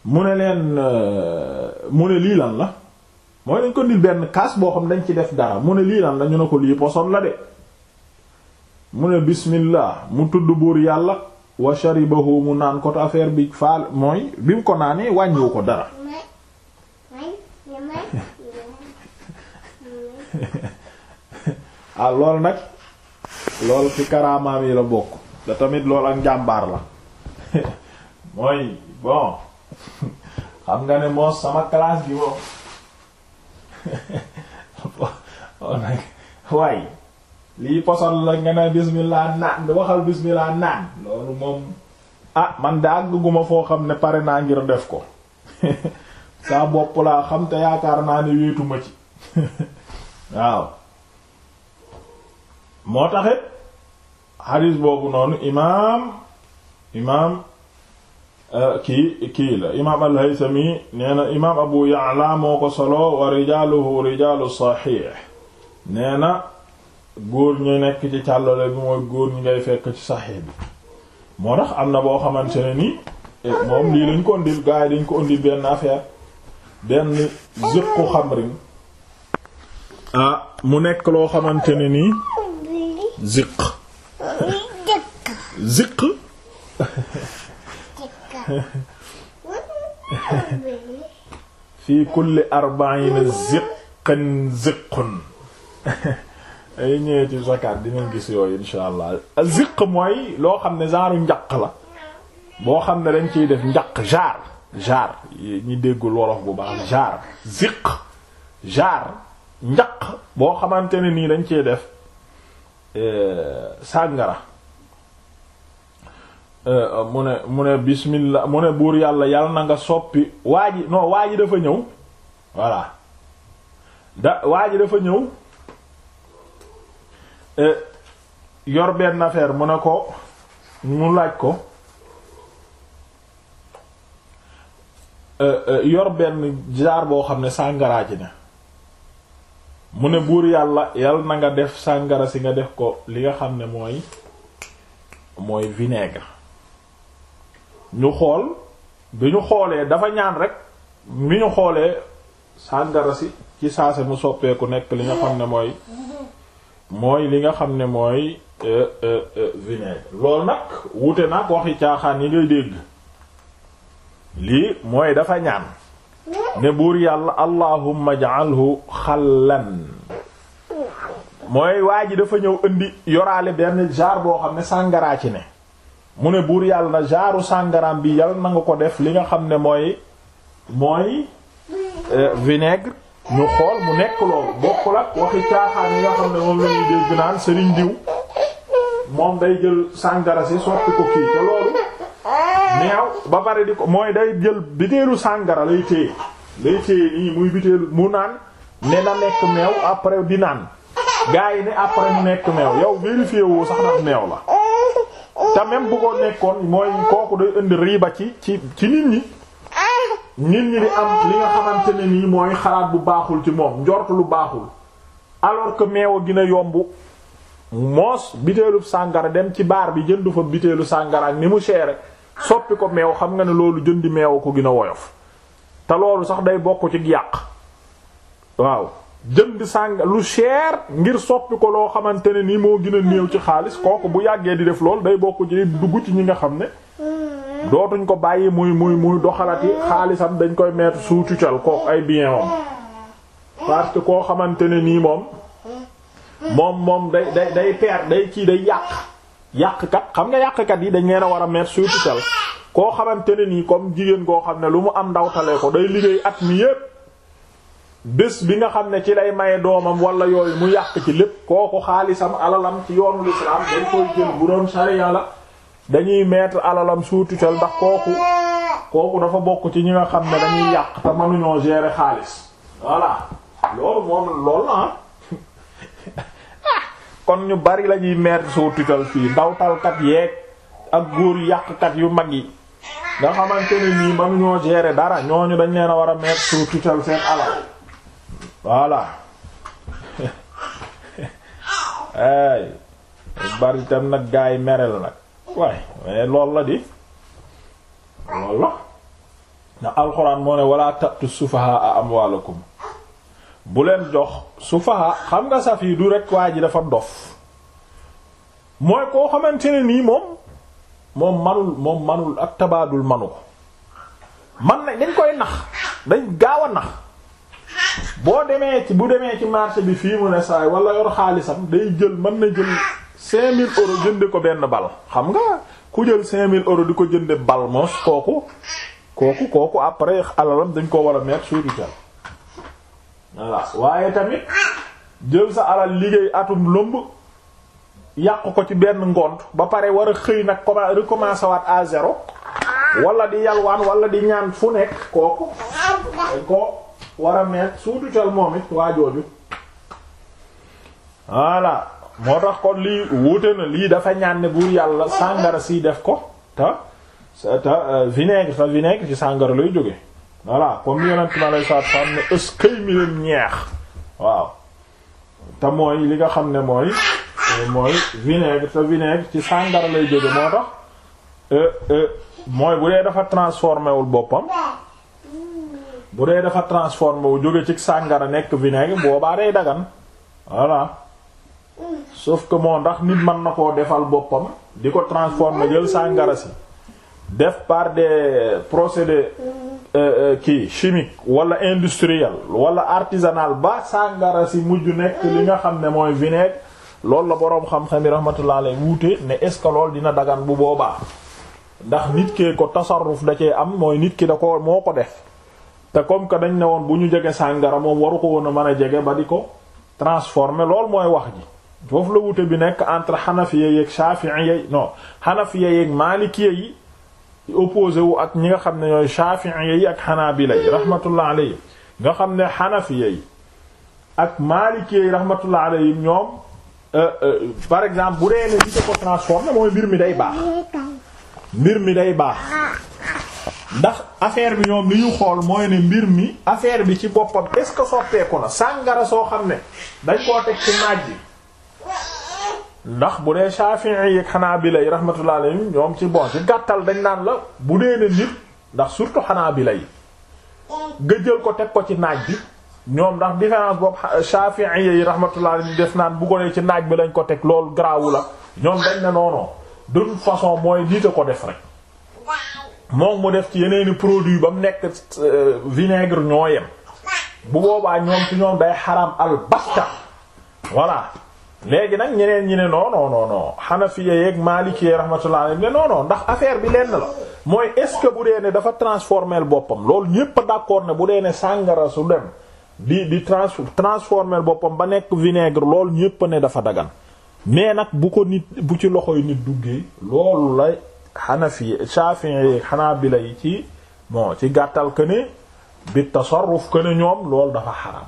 S1: mu ne leen euh, mu ne lii lan la mooy dañ ko ndil benn kaas boo xam dañ ci def dara mu ne lii lan la ñu ne ko lii poson la de mu ne bismillah mu tudd buur yàlla wa sharibahu mu naan ko affaire bi faal mooy bi mu ko naanee wàññiwu ko dara ah loolu nag loolu ci karaamaam yi la bokk te tamit loolu ak njàmbaar la mooy bon xam nga ne moos sama classe gi moom waaye lii posal la nga ne bismillah naan waxal bismillah naan loolu moom ah man de àgguma foo xam ne pare naa ngir def ko saa bopp laa xam yaakaar naa ne wéetuma ci waaw moo taxit xadis boobu noonu imaam imaam euh, kii kii la imaam al-Haythami nee imaam Abu Ya'la moo ko solo wa rijaaluhu rijaalu saxiix nee na góor ñu nekk ci càllale bi mooy góor ñi ngay fekk ci saxiix bi moo tax am na boo xamante ne ni eh, moom lii lañ ko ëndil gars yi dañ ko ëndil benn affaire benn ziqu xamrin ah mu nekk loo xamante ne nii ziq fii kulli arbaina ziqan ziqun ay ñëwee ci zakat dinañ gis yooyu insha allah ziq mooy loo xam ne genre njaq la boo xam ne dañ ciy def njaq jaar jaar ñi déggul wolof bu baax jaar siq jaar njaq boo xamante ne nii dañ ciy def Euh, sàngara euh, mu ne mu ne bismillah mu ne buur yàlla yàlla na nga soppi waa ji non waa ji dafa ñëw voilà da waa ji dafa ñëw euh, yor benn affaire mu ne ko mu laaj ko yor benn jaar boo xam ne sàngaraa ci ne mu ne buur yàlla yal na nga def sàngara si nga def ko li nga xam ne mooy mooy vinaigre ñu xool bi ñu xoolee dafa ñaan rek mi ñu xoolee sàngara si ci saase mu soppeeku nekk li nga xam ne mooy mooy li nga xam ne mooy eh, eh, eh, vinaigre loolu nag wute nag waxi caaxaan yi ngay dégg lii mooy dafa ñaan ne buur yàlla allahumma ja'alhu xallan mooy waa ji dafa ñëw indi yoraale benn jaar boo xam ne sàngara ci ne mu ne buur yàlla na jaaru sàngaraam bi yàlla na nga ko def li nga xam ne mooy mooy euh, vinaigre ñu xool mu nekk loolu bokkul ak waxi caaxaan xam ne moom la dégg naan sëriñ diw moom day jël sàngara si sotti ko kii te loolu neew ba pare di ko mooy day jël biteelu sàngara lay téye lay téye nii muy biteelu mu naan ne na nekk meew après di naan gars yi ne après mu nekk meew yow vérifié woo sax ndax meew la te même bu ko nekkoon mooy kooku day indi riiba ci ci ci nit ñi nit ñi di am li nga xamante ne nii mooy xalaat bu baaxul ci moom njort lu baaxul alors que meew a gën yomb moos biteelu sàngara dem ci baar bi jëndu fa biteelu sàngara ak ni mu seere soppi ko meew xam nga ne loolu jëndi meew ko gën a woyof te loolu sax day bokk ci yàq waaw jënd sàng lu cher ngir soppi ko loo xamante ne ni moo gën a ci xaalis kooku bu yàggee di def loolu day bokk ci dugg ci ñi nga xam ne dootuñ ko bàyyi muy muy muy doxalati xaalisam dañ koy mettre sous tutelle kooku ay bien moom koo xamante ne nii moom moom moom day day day perdre day cii day yàq yàqkat xam nga yàqkat yi dañ leen a war a mettre sous tutelle koo xamante ne nii comme jigéen koo xam ne lu mu am ndawtalee ko day liggéey at mi yépp bés bi nga xam ne ci lay maye doomam wala yooyu mu yàq ci lépp kooku xaalisam alalam ci yoonu l'islam dañ koy jël bu doon sariya la dañuy mettre alalam sous tutelle ndax kooku kooku dafa bokk ci ñi nga xam ne dañuy yàq te mënuñoo gérer xaalis voilà loolu moom loolu ah. kon ñu bari la ñuy mettre sous fii ndawtalkat yee ak góor yàqkat yu mag yi nga xamante ne nii man ñoo gérer dara ñooñu dañ leen a war a mettre sous tutelle seen alal voilà ay bari itam nag gaa yi mere la nag waaye mais loolu la di loolu la ndax alxuraan moo ne wala tatu sufaha amwaalakum bu leen jox sufaha xam nga saf du rek waa ji dafa dof mooy koo xamante ne nii moom moom manul moom manul ak tabaadul manu ko man na dañ koy nax dañ gaaw a nax boo demee ci bu demee ci marché bi fii mu ne saay wala yor xaalisam day jël mën na jël 5000 euros jënde ko benn bal xam nga ku jël 5000 euros di ko jënde bal moos kooku kooku kooku après alalam dañ ko war a mettre sur voilà waaye tamit jël sa alal liggéey atum lëmb yàq ko ci benn ngont ba pare war a xëy nag commencé recommencer waat à zéro wala di yalwaan wala di ñaan fu nekk kooku dañ ko war a met suutucal moom it waa jooju voilà moo tax kon lii wuute na lii dafa ñaan ne buur yàlla sàngara si def ko te te euh, vinaigre te vinaigre ci sàngara lay jóge voilà comme yonent mi alei saatu ne ëskay mi leen ñeex waaw te mooy li nga xam ne mooy euh, mooy vinaigre te vinaigre ci sàngara lay jóge moo tax euh, euh, mooy bu dee dafa transformé wul boppam bu dee dafa transformé wu jóge ci sàngara nekk vinaigre boobaa day dagan voilà sauf que moo ndax nit mën na koo defal boppam di ko transformé jël sàngara si def par des procédés euh, euh, kii chimique wala industriel wala artisanal ba sàngara si mujj nekk li nga xam ne mooy vinaigre loolu la boroom xam-xam yi rahmatullah alayhi wuute ne est-ce dina dagan bu boobaa ndax nit kee ko tasarruf da cee am mooy nit ki da ko moo ko def te comme que dañ ne woon bu ñu jege sàngara moom waru ko woon a mën a jege ba di ko transformer lool mooy wax ji foofu la wuute bi nekk entre xanafiya yeeg shafi'iyya non xanafiya yeeg maalikiya yi opposé wu ak ñi nga xam ne ñooy Shafi'i yi ak Hanabila yi rahmatullah alayhim nga xam ne Hanafi yi ak Maliki yi rahmatullah yi ñoom euh, euh, par exemple bu dee ne li ko transformé mooy mbir mi day baax mi day baax ndax affaire bi ñoom li ñu xool mooy ne mbir mi affaire bi ci boppa est-ce que soppeeku na sàngara soo xam ne dañ koo teg ci maaj bi ndax bu dee Shafi'i xanaa Hanabila lay rahmatullah alayhim ñoom ci bon ci gàttal dañ naan la bu dee ne nit ndax surtout Hanabila yi nga jël ko teg ko ci naaj bi ñoom ndax différence boobu Shafi'i yi rahmatullah alayhim def naan bu ko ci naaj bi lañ ko teg loolu la ñoom dañ ne noonu de toute façon mooy nit a ko def rek moom mu def ci yeneeni produit ba mu nekk euh, vinaigre ñoo yem bu boobaa ñoom ci ñoom day xaram al batta léegi nag ñeneen ñi ne non non non non Hanafiya yeeg Maliki rahmatullah alayhi ne non non ndax affaire bi lenn la mooy est-ce que bu dee ne dafa transformer boppam loolu ñépp a d'accord ne bu dee ne sàngara su dem di di trans transformer boppam ba nekk vinaigre loolu ñépp ne dafa dagan mais nag bu ko nit bu ci loxo yi nit duggee loolu la Hanafiya Shafi'i yeeg Hanabila yi ci bon ci gàttal que ne bi tasarruf que ne ñoom loolu dafa xaram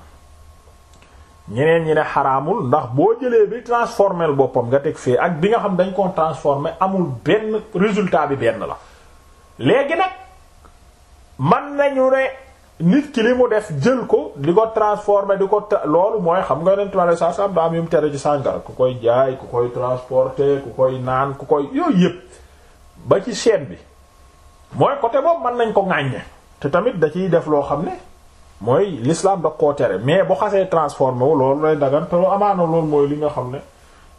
S1: ñeneen ñi ne xaraamul ndax boo jëlee bi transformé boppam nga teg fee ak bi nga xam dañ koo transformé amul benn résultat bi benn la léegi nag man nañu ne nit ki li mu def jël ko di ko transformé di ko loolu mooy xam nga nen tmale sasam daa am yu mu tere ci sàngara ku koy jaay ku koy transporter ku koy naan ku koy yooyu yëpp ba ci chaîne bi mooy côté boobu man nañ ko ŋàññe te tamit da def loo xam ne mooy l'islam da koo tere mais bu xasee transformé wu loolu lay dagan te amaana loolu mooy li nga xam ne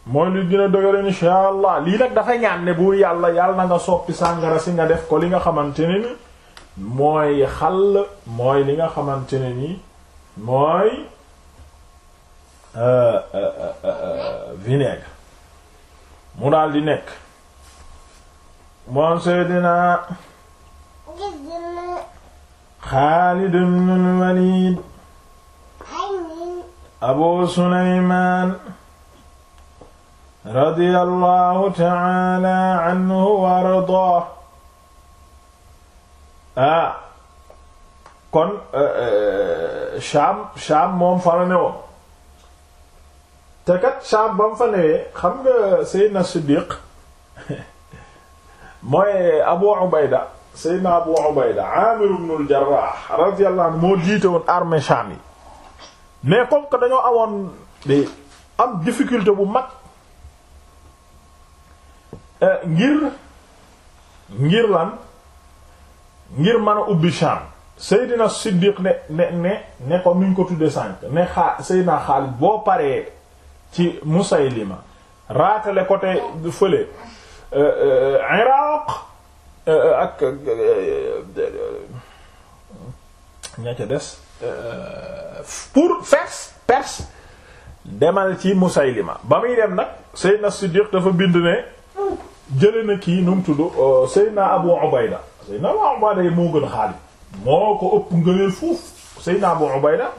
S1: mooy li dina dëgër insha allah lii nag dafa ñaan ne buur yàlla yàlla na nga soppi sàngara si nga def ko li nga xamante ne ni mooy xal mooy li nga xamante ne ni mooy euh, euh, euh, vinaigre mu daal di nekk moom Seydina Xaalid ibnul Waliid Abu Suleymaan radiyallahu ta'ala anhu wa ardaahu ah kon e, e, Shaam Shaam moom fa la newoon te kat Shaam ba mu fa newee xam nga Seydina Siddiq mooy Abu Ubayda Seydina Abu Ubayda Amir ibn al-Jarrah radiyallahu moo jiite woon armée Sham yi mais comme que dañoo awoon di am difficulté bu mag euh, ngir ngir lan ngir mën a ubbi Sham Seydina Siddiq ne ne ne ne comme ko tuddee sànq ne xaa Seydina Xaalid boo paree ci Musaylima raatale côté fële euh, euh, Iraq Euh, ak euh, euh, ña ca des pour Perse Perse demal ci Musaylima ba muy dem nag Seydina Siddiq dafa bind ne jële na kii nu mu tudd Seydina Abu Ubayda Seydina Abu Ubayda yi moo gën Xaalid moo ko ëpp ngëneel fuuf Seydina Abu Ubayda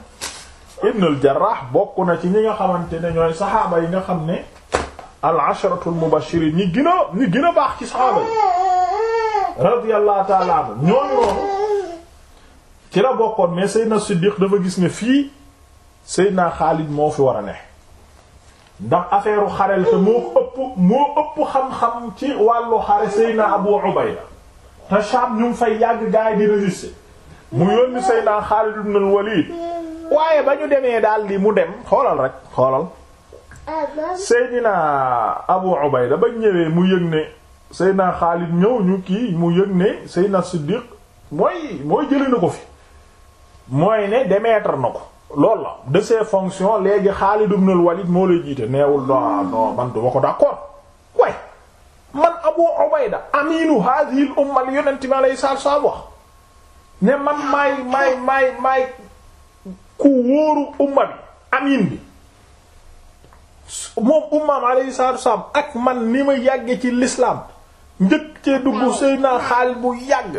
S1: ibn al Jarrah bokk na ci ñi nga xamante ne ñooy saxaaba yi nga xam ne al asharatu al mubashirin ñi gën a ñi gën a baax ci radiyallahu ta'ala anhu ñooñu noonu ci la bokkoon mais Seydina Siddiq dafa gis ne fii Seydina Xaalid moo fi war a ne ndax affaire u xarel te moo ëpp moo ëpp xam-xam ci wàllu xare Seydina Abu Ubayda te Sham ñu ngi fay yàgg gaay di résister mu yónni Seydina Xaalid ibn al-Walid waaye ba ñu demee daal di mu dem xoolal rek xoolal Seydina Abu Ubayda ba ñëwee mu yëg ne Seydina Xaalid ñëw ñu kii mu yëg ne Seydina Siddiq mooy mooy jëlee na ko fi mooy ne démettre na ko lool la de ses fonctions léegi Xaalid ibn al-Walid moo lay jiite neewul non non man duma ko d'accord way man Abu Ubayda aminu hadhihi al-umma li yonent bi alayhi ne man maay maay maay ku wóoru umma bi amin bi moom ummaam alayhi salaatu ak man ni ma yàgge ci lislaam njëkk cee dugg Seydina Xaalid bu yàgg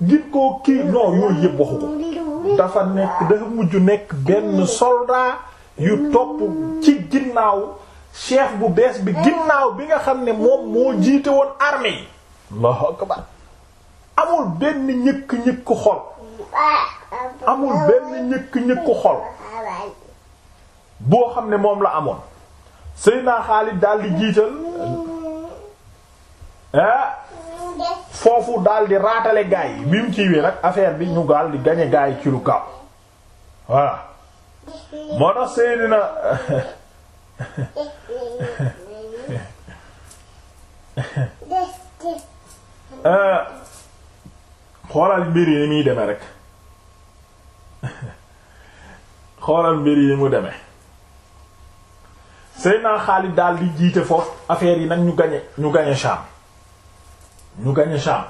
S1: gin koo kii non yooyu yëpp waxu dafa nekk dafa mujj nekk benn soldat yu topp ci ginnaaw chef bu bees bi ginnaaw bi nga xam ne moom moo jiite woon armée yi amul benn ñëkk-ñëkk xol amul benn ñëkk-ñëkk xol boo xam ne moom la amoon Seydina Xaalid daal di jiital Ah! foofu daldi raatale gaay yi bi mu kiiwee nag affaire bi ñu gaal di gañe gaay ci lu gaaw voilà moo tax Seydina ah! xoolal mbir yi muy deme rek xoolal mbir yi mu deme Seydina Xaalid daal di jiite foofu affaire yi nag ñu gañe ñu gañe Sham ñu gañe Sham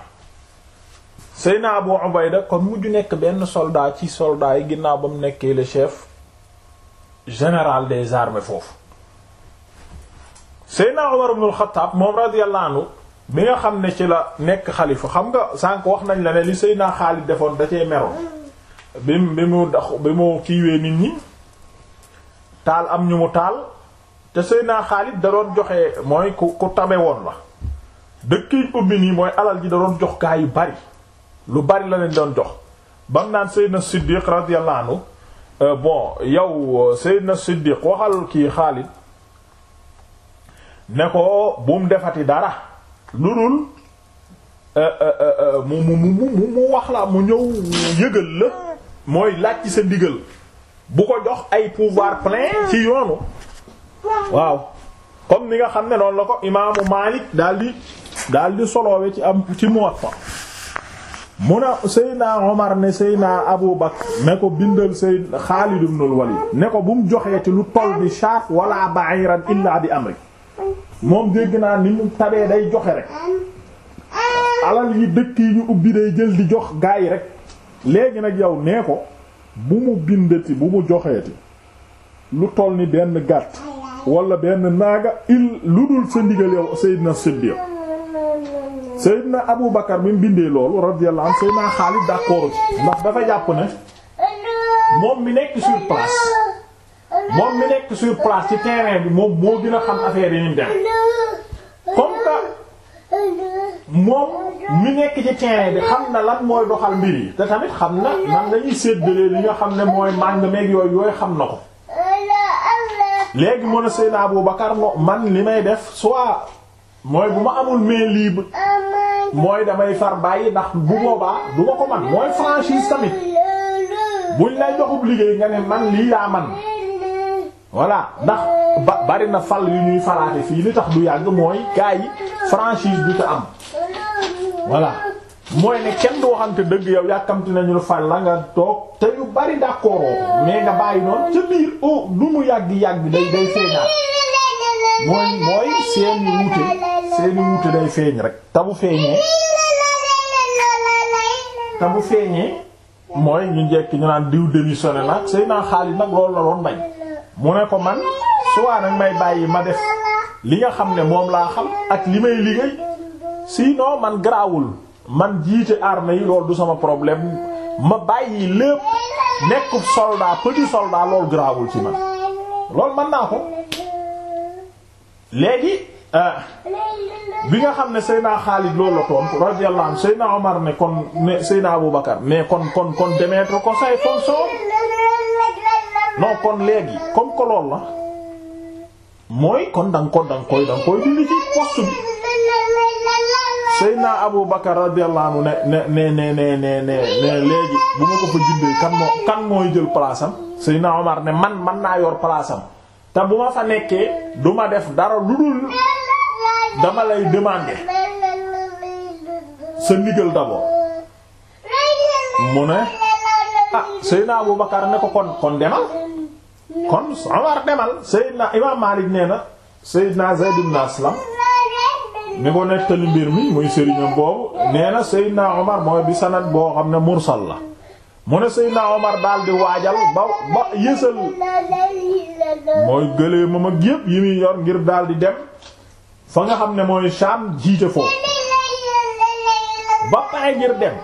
S1: Seyna Abu Ubayda kon mujj nekk benn soldat ci soldat yi ginnaaw ba mu nekkee la chef général des armées foofu Seyna Umar ibn al moom radiyallahu bi nga xam ne ci la nekk xalifa xam nga sànq wax nañ la ne li Seyna Xaalid defoon da cee meroon bi bi mu dax bi mu kiiwee nit ñi taal am ñu mu taal te Seyna Xaalid da doon joxe mooy ku ku tabe woon la dëkk yi ubbi nii mooy alal ji da doon jox gaa yu bari lu bari la leen doon jox bam naan Seydina Siddiq radiyallahu anhu euh, bon yow euh, Seydina Siddiq waxal kii Xaalid ne ko bu mu defati dara lu dul euh, mu mu mu mu wax la mu ñëw yëgal la mooy laaj ci sa ndigal bu ko jox ay pouvoir plein ci yoonu waaw comme ni nga xam ne noonu la ko imaamu Maalik daldi daal di ci am ci Muwatta mu ne Seydina Omar ne Seydina Abu Bakr ne ko bindal Seydina Xaalid ibn al ne ko bu mu joxeeti lu toll bi shaat wala ba'iran illa bi amri moom dégg naa ni mu tabee day joxe rek alal yi dëkk yi ñu ubbi day jël di jox gaa yi rek léegi nag yow nee ko bu mu bindati bu mu joxeeti lu toll ni benn gàtt wala benn naaga il lu dul sa ndigal yow Seydina Siddiq na Abu Bakar bi mu bindee loolu radiyallahu anhu Seydina Xaalid d'accord ndax dafa jàpp ne moom mi nekk sur place
S2: moom mi nekk sur place ci
S1: terrain bi moom moo gën a xam affaire yi ni mu
S2: demee comme
S1: que moom mi nekk ci terrain bi xam na lan mooy doxal mbir yi te tamit xam na nan lañuy séddalee li nga xam ne mooy màng meeg yooyu yooyu xam na ko léegi mën a Seydina Abu Bakar man li may def soit. mooy bu ma amul main libre mooy damay far bàyyi ndax bu boobaa du ma ko man mooy franchise tamit buñ lay joxub liggéey nga ne man lii laa man voilà ndax ba bari na fal yu ñuy falaate fii li tax du yàgg mooy gaa yi franchise du ko am voilà mooy ne kenn du waxante dëgg yow yàkkamti nañu fal la nga toog te yu bari d'accord mais nga bàyyi noonu ca biir oh lu mu yàgg yàgg day day feeñaat mooy mooy seeni wuute seeni wuute day feeñ rek te bu feeñee te bu feeñee mooy ñu njekk ñu naan diw démissionné nag sëy naa Xaalid nag loolu la doon bañ mu ne ko man suwaa nag may bàyyi ma def li nga xam ne moom laa xam ak li may liggéey sinon man garaawul man jiite arme yi lool du sama problème ma bàyyi lépp nekkub soldat petit soldat loolu garaawul ci ma loolu mën naa ko léegi euh, bi nga xam ne Seydina Xaalid loolu la tontu radiyallahu anhu Seydina Omar ne kon ne Seydina Abu Bakar mais kon kon kon démettre ko say fonction non kon léegi comme que loolu la mooy kon da nga ko da koy da nga koy dindi ci poste bi Seydina Abu Bakar radiyallahu anhu ne ne ne ne ne léegi bu ma ko fa jundee kan moo kan mooy jël place am Seydina Omar ne man man naa yor place te bu ma fa nekkee du ma def dara lu dul dama lay demander sa ndigal d'abord
S2: mu ne ah
S1: Seydina Abu Bakar ne ko kon kon demal
S2: kon Umar demal
S1: Seydina Imaam Maalik nee na Seydina Zayd ibn ni ko nettali mbir mi muy sëriñam boobu nee na Seydina Omar mooy bi sanad boo xam ne mursal la mu ne Seydina Omar daal di waajal ba ba yësal mooy gëlee moom ak yépp yi muy yor ngir daal di dem fa nga xam ne mooy Sham jiite foofu ba pare ngir dem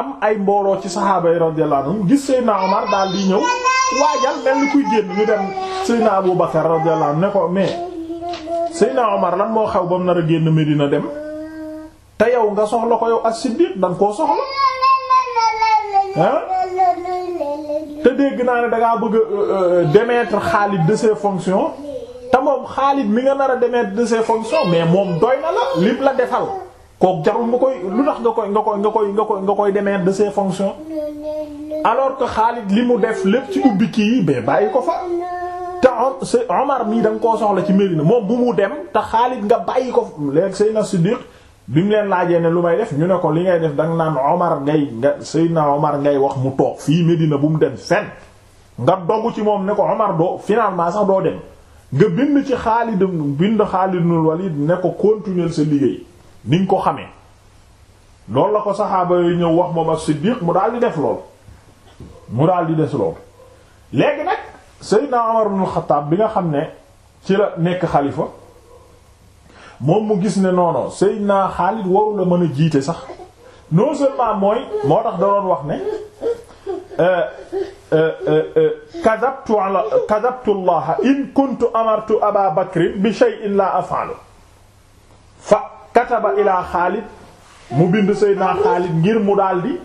S1: am ay mbooloo ci saxaaba yi radiyallahu gis Seydina Omar daal di ñëw waajal mel ni kuy génn ñu dem Seydina Abu Bakar radiyallahu ne ko mais Seydina Omar lan moo xew ba mu nar a génn Medina dem te yow nga soxla ko yow as-Siddiq danga koo soxla
S2: ah te
S1: dégg naa ne dangaa bëgg a euh, euh, démettre Khalid de ses fonctions te moom Khalid mi nga nar a démettre de ses fonctions mais moom doy na la lim la defal kook jarul nga koy lu tax nga koy nga koy nga koy nga koy nga koy démettre de ses fonctions alors que Khalid li mu def lépp ci ubbi kii yi ba bàyyi ko fa te Omar mii da nga koo soxla ci Médina moom bu mu dem te Khalid nga bàyyi ko léegi Seydina Siddiq bi mu leen laajee ne lu may def ñu ne ko li ngay def danga naan Omar ngay nga Seydina Omar ngay wax mu toog fii Medina bu mu dem fenn nga dogg ci moom ne ko Omar doo finalement sax doo dem nga bind ci Xaalid bind Xaalidul Walid ne ko continuer sa liggéey ni nga ko xamee loolu la ko saxaaba yooyu ñëw wax moom ak Siddiq mu daal di def lool mu daal di des lool léegi nag Seydina Omar ibn Xattaab bi nga xam ne ci la nekk xalifa moom mu gis ne noonon Seydina Xaalid waru la mën a jiite sax non mooy moo tax da wax ne euh, euh, euh, kadabtu ala kadabtu Allah in kuntu amartu Aba Bakrin bi shay'in la af'alu mu bind Seydina ngir mu daldi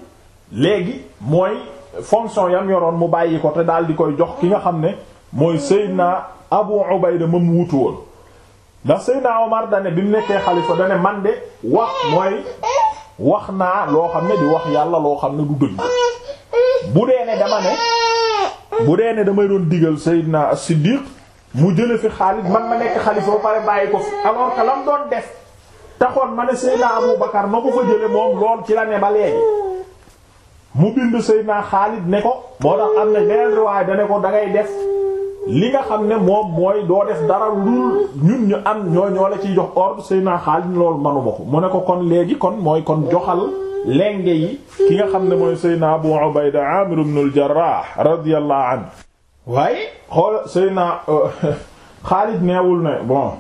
S1: léegi mooy fonction yam yoroon mu bàyyi ko te daldi koy jox ki nga xam ne mooy Seydina Abu Ubayda moom wutu woon ndax Seydina Omar dane bi mu nekkee xalifa dane man de wax mooy wax naa loo xam ne di wax yàlla loo xam ne du dëgg bu dee ne dama ne bu dee ne damay doon digal Seydina Siddiq mu jële fi Xaalid man ma nekk xalifa ba pare bàyyi ko fi alors que lam doon def taxoon ma ne Seydina Abu Bakar ma ko fa jële moom lool ci la ne ba léegi mu bind Seydina Xaalid ne ko moo tax am na beneen riwaay dane ko dangay def li nga xam ne moom mooy doo def dara lu ñun ñu am ñoo ñoo la ciy jox ordre sëy naa Xaalid loolu manuma ko mu ne ko kon léegi kon mooy kon joxal lenge yi ki nga xam ne mooy sëyna Abu Ubayda Amir ibn al-Jarrah radiyallahu waaye xool sëyna euh, Xaalid neewul ne bon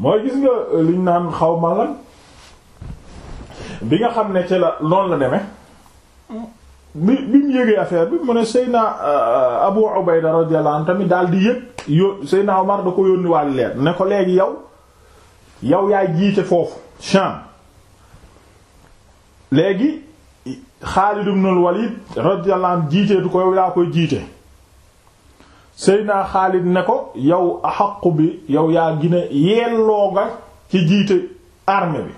S1: mooy gis nga euh, liñ naan xaw ma lan bi nga xam ne ci la noonu la demee mm. bi bi mu yëgee affaire bi mu ne Seyna euh, Abu Ubayda radiyallahu tamit daal di yëg yo Seyna Omar da ko leer ne ko léegi yow yow yaay jiite foofu Sham léegi Xaalid ibn al-Walid radiyallahu anhu jiiteetu ko yow yaa koy jiite Seyna Xaalid ne ko yow axaqu bi yow yaa gine yelloo nga ci jiite armée bi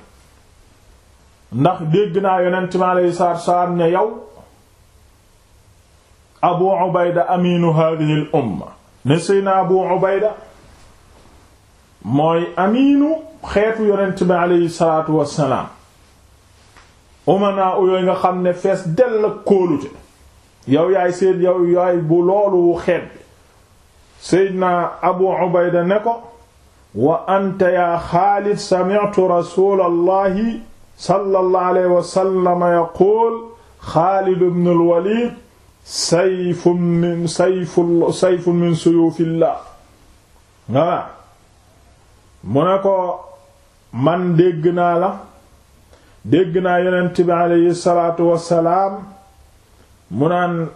S1: ndax dégg naa yonent mi alayhi salaatu wa salaam ne yow abu ubayda aminu hadhihi al umma ne seyna abu ubayda mooy aminu xeetu yonent bi aleyhi salaatu wassalaam umana yooyu nga xam ne fees dell ak kóolute yow yaay seet yow yaay bu loolu xeet bi seydna abu ubayda ne ko wa anta yaa xaalid sami'tu rasul allahi sallallahu alayhi wa sallam yaquul xaalid ibn al walid sayfun min sayful sayfun min suyufillah voilà mu ne ko man dégg naa la dégg naa yonent bi aleyhi salaatu wassalaam mu naan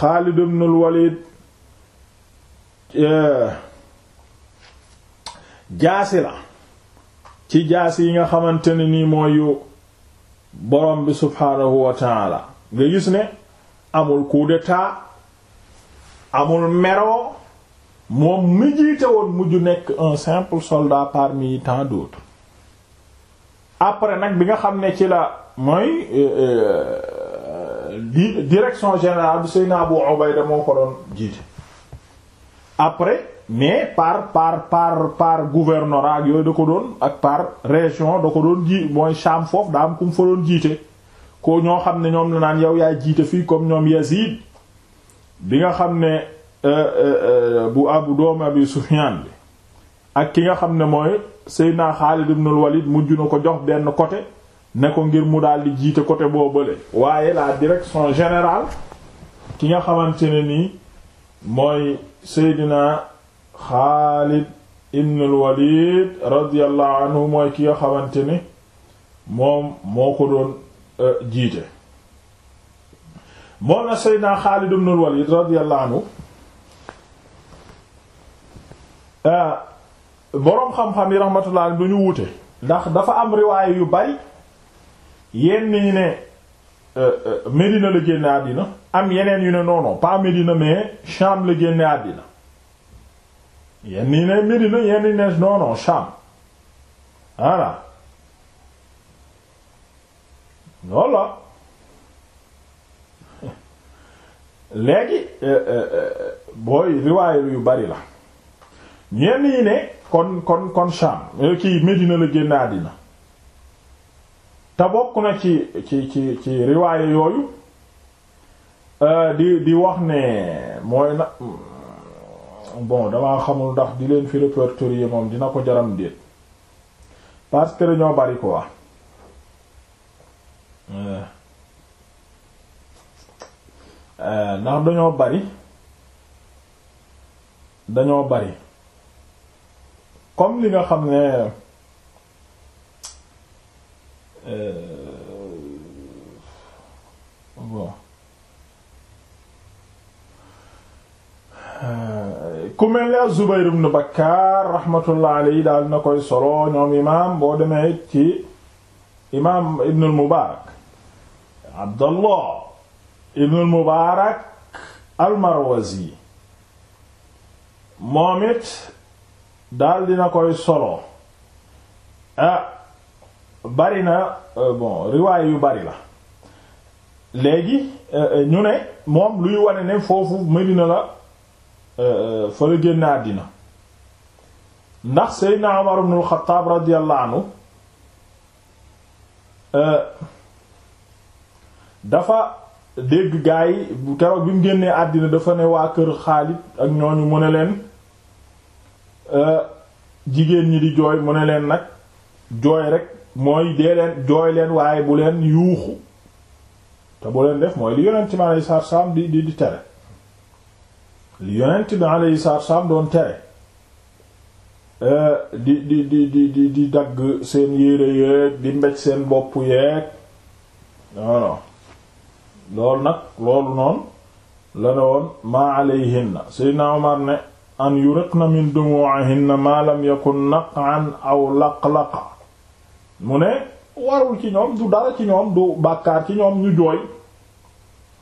S1: Xaalid ibnul eh, jaasi la ci jaasi yi nga xamante ne nii mooy yu borom bi subhaanahu wa nga gis ne amul coup d'état amul meroo moom mi jiite woon mujj nekk un simple soldat parmi tant d'autres après nag bi nga xam ne ci la mooy euh, euh, di direction générale bi Seydina Abu Ubayda moo ko doon jiite après mais par par par par gouvernorat ak yooyu da ko doon ak par région da ko doon ji mooy Sham foofu daa am ku mu doon jiite ko ñoo xam ne ñoom la naan yow yaay jiite fii comme ñoom Yazid bi nga xam ne euh, euh, euh, bu abu doomu abi Sufyaan bi ak ki nga xam ne mooy Seydina Xaalid ibnul Walid mujj na ko jox benn côté ne ko ngir mu daal di jiite côté boobale waaye la direction général ki nga xamante ne nii mooy Seydina Xaalid ibnul Walid radiyallahu anhu mooy ki nga xamante ne moom moo ko doon Euh, jiite moom na Seydina Xaalid ibn al-Walid radiyallahu anhu euh, boroom xam-xam yi rahmatullah alayhi duñu wuute ndax dafa am riwaay yu bari yenn ñi ne euh, Médina la génne àddina am yeneen yu ne non non pas mais Sham la génne àddina yenn ñi ne Médina yenn ñi ne non non Sham loolu la léegi euh, euh, euh, booy riwaaya yu bari la ñenn yi ne kon kon kon Sham kii Medina la génn àddina te na ci ci ci ci riwaaya yooyu di di wax ne mooy na hmm, bon damaa xamul ndax di leen fi répertorier moom dina ko jaram déet parce que dañoo bari ko wax Euh. Euh, ndax dañoo bari dañoo bari comme li nga xam ne euh, bon ku mel ne az-Zubayr ibn Bakkar rahmatullah alayhi daal na koy solo ñoom imaam boo demee ci imaam Ibn al abdallah ibnul mubaarak almarwazi moom it daal dina koy solo ah, bari na euh, bon riwaay yu bari la léegi euh, ñu ne moom luy wane ne foofu Medina la euh, fa la génn àddina ndax Seydina Umar ibnul Xattaab radiyallahu anhu dafa dégg gaa bu keroog bi mu génnee àddina dafa ne waa kër Xaalid ak ñooñu mu ne leen euh, jigéen ñi di jooy mu ne leen nag jooy rek mooy dee leen jooy leen waaye bu leen yuuxu te bu leen def mooy li yonent bi alayhi salaatu salaam di di di tere li yonent bi alayhi salaatu salaam doon tere euh, di di di di dagg seen yére yeeg di mbéj seen bopp yeeg non lool nag loolu noonu la ne woon maa alayhinna seydna Umar ne an yuriqna min dumu'ihinna ma lam yakun naq'an aw laqlaqa mu ne warul ci ñoom du dara ci ñoom du bàkkaar ci ñoom ñu jooy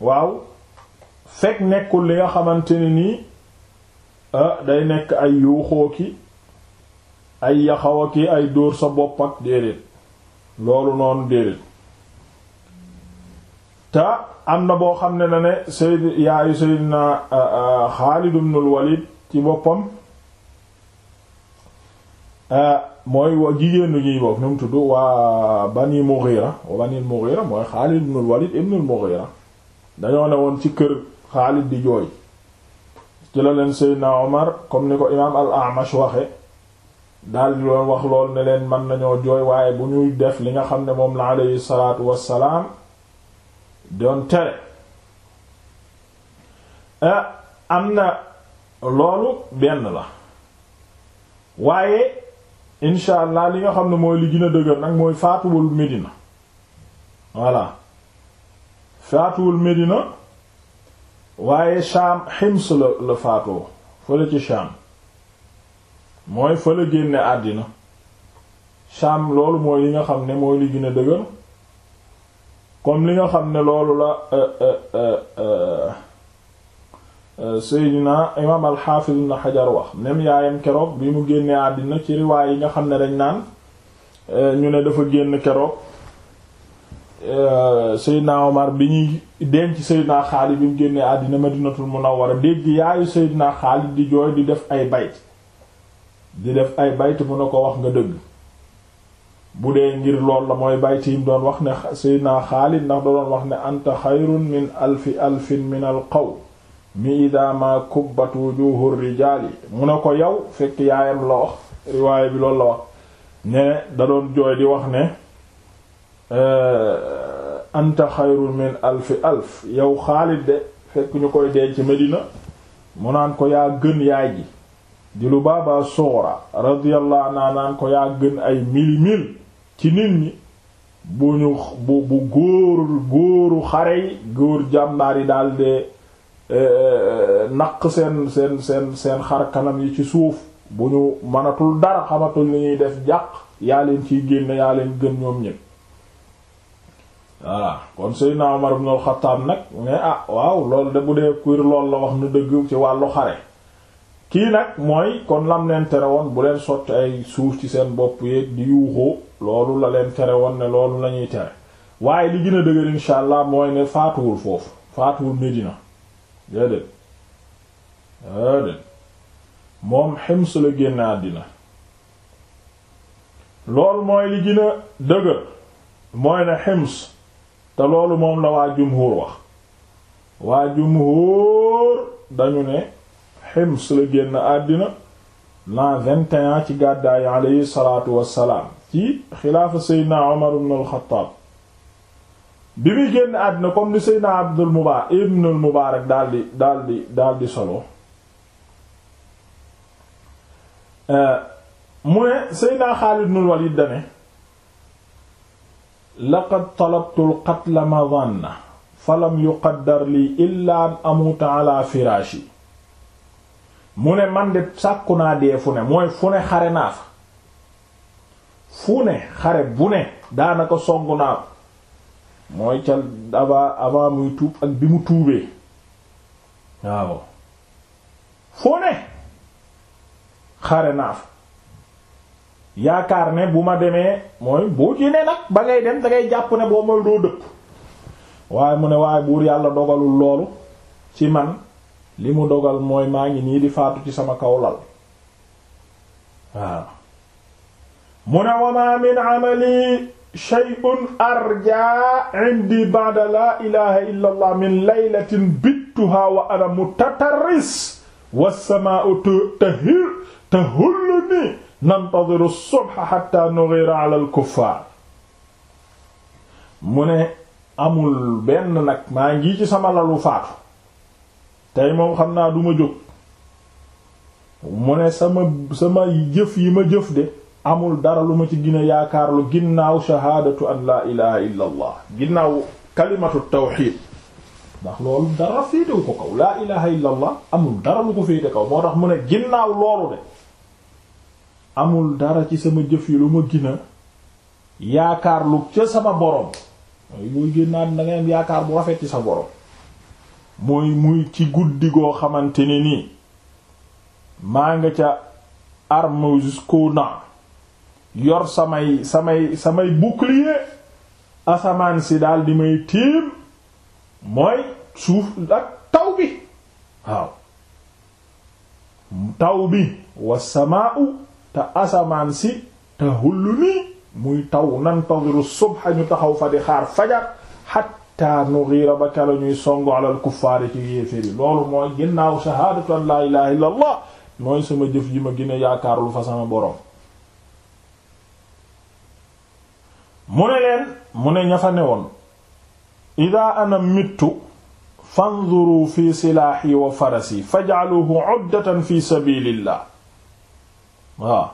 S1: waaw fekk nekkul li nga xamante ni nii ah, day nekk ay yuuxoo ki ay yaxaw ki ay dóor sa bopp déedéet loolu noonu déedéet te am na boo xam ne na ne sayd yaayu saydna uh, uh, Xaalid ibn walid ci boppam uh, mooy wa jigéen ñuy bokk ñu mu tudd waa Bani Mughira waa Bani Mughira mooy Xaalid ibn walid ibn mughira dañoo ne woon ci kër Xaalid di jooy ci la leen saydna Omar comme ni ko imaam al-A'mash waxe daal di loon wax lool ne leen mën nañoo jooy waaye bu ñuy def li nga xam ne moom la alayhi salaatu wassalaam doon tere ah, am na loolu benn la waaye incha allah li nga xam ne mooy li gën a dëgër nag mooy faatuwul Medina voilà faatuwul Medina waaye Sham Hims la la faatoo fële ci Sham mooy fële génne àddina Sham loolu mooy li nga xam ne mooy li gën a dëgër comme li nga xam ne loolu la euh, euh, euh, Seydina imaam al-Hafiz Ibn Hajar wax même yaayam keroog bi mu génnee àddina ci riwaay yi nga xam ne dañ naan ñu ne dafa génn keroog Seydina Omar bi ñuy denc Seydina Xaalid bi mu génnee àddina war a dégg yaayu Seydina Xaalid di jooy di def ay bayt di def ay bayt mu ne ko wax nga dëgg bu dee ngir lool la mooy bayti yim doon wax ne sayyidina Xaalid ndax da doon wax ne anta xayrun min alfi alfin min al qawm mi ida ma kubbat wujuhu rijaal mu ne ko yow fekk yaayam la wax ne da doon jooy di wax ne eh, anta xayrun min alfi alf yow Xaalid de fekk ñu koy dee ci Medina mu naan ko yaa gën yaay ji di lu baaba sughra radiyallahu anha naan ko yaa gën ay mili mil ci nit ñi bu ñu bu bu góor góoru xare yi góor jàmbaar yi daldi eh, eh, naq seen seen seen seen xar kanam yi ci suuf bu ñu mënatul dara xamatul li ñuy def jàq yaa leen ciy génne yaa leen gën ñoom ñëpp voilà kon Seydina Umar ibn al-Khattab nag ne ah waaw loolu de bu dee kuir loolu la wax nu dëgg ci wàllu xare kii nag mooy kon lam leen woon bu leen sotti ay suuf ci seen bopp yeeg di yuuxoo loolu la leen tere woon ne loolu lañuy ñuy tere waaye li gën dëgër insha allah mooy ne faatuwul foofu faatuwul Medina déedéet déedéet moom Hims la génn àddina loolu mooy li gën dëgër mooy ne Hims te loolu moom la waa jumhuur wax waa jumhuur dañu ne Hims la génn àddina l'an vingt et ci gàddaayi aleyhi salaatu wassalaam ci xilaafa seydna Umar ibn al-Khattab bi muy génn solo eh, mu ne seydna Xaalid ibn al-Walid dane laqad talabtu al-qatla madhanna falam yuqaddar lii illa an amuuta firaashi mu ne man de sàkku naa dee fu ne mooy fu ne xare naa fa fu ne xare bu ne daanaka songu naa mooy ca avant avant muy tuub ak bi mu tuubee waaw fu ne xare naa fa yaakaar ne bu ma demee mooy boo ci ne nag ba ngay dem da jàpp ne boo ma doo dëpp waaye mu ne waaye buur yàlla dogalul loolu ci man li mu dogal mooy maa ngi nii di faatu ci sama kaw lal waaw mu ne wa ma min amali shay'un arja indi ba'da laa ilaha illa allah min laylatin bittuha wa ana mutatarris was-samaa'u tahir tahulluni nantadhiru as-subha hatta nughira 'ala al-kuffar mu ne amul benn nag maa ngi ci sama lalu faatu tey moom xam naa du ma jóg mu ne sama sama jëf yi ma jëf de amul dara lu ma ci gën a yaakaar lu ginnaaw shahaadatu an laa ilaha illa ginnaaw kalimatu tawxid ndax loolu dara féetewu ko kaw laa ilaha illa amul dara lu ko féete kaw moo tax mu ne ginnaaw loolu de amul dara ci sama jëf yi lu ma gën a yaakaar lu ca sama borom mooy booy génnaat da am yaakaar bu rafet ci sa borom mooy muy ci guddi goo xamante ni nii maa nga ca arme jusqu'au na yor samay samay samay bouclier asamaan si daal di may tiim mooy suuf taw bi waaw taw bi wasamaau te asamaan si te hullu nii muy taw nantadiru subha ñu taxaw fa di xaar fajar xatta nuxiira ba kala ñuy songu alal kuffaari ci yéeféri loolu mooy ginnaaw shahaadatu an illa allah mooy sama jëf ji ma gën a yaakaarlu borom mu ne leen mu ne ña fa ne woon ida ana mittu fanzuru fi silaahi wa farasi faj'aluhu 'uddatan fi sabilillah waaw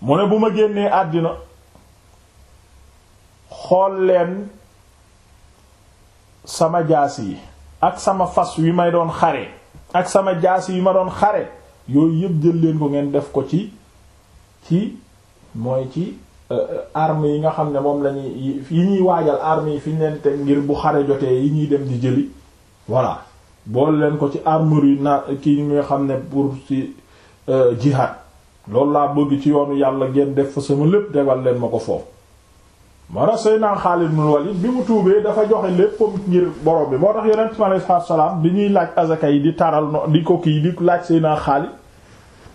S1: mu ne bu ma génnee àddina xool leen sama jaas yi ak sama fas wi may doon xare ak sama jaas yi ma doon xare yooyu yëpp jël leen ko ngeen def ko ci ci mooy ci Euh, armes yi nga xam ne moom lañuy yi ñuy waajal armes yi fi ñu leen teg ngir bu xare jotee yi ñuy dem di jëli voilà boole leen ko ci armerie na kii nga xam ne pour ci euh, jihad loolu laa bëgg ci yoonu yàlla ngeen def fa sama lépp degal leen ma ko foofu mara Seydina Xaalid ibn Walid bi mu tuubee dafa joxe léppam ngir borom bi moo tax yonent mi alayhi yi di taral no di ko kii di laaj Seydina Xaalid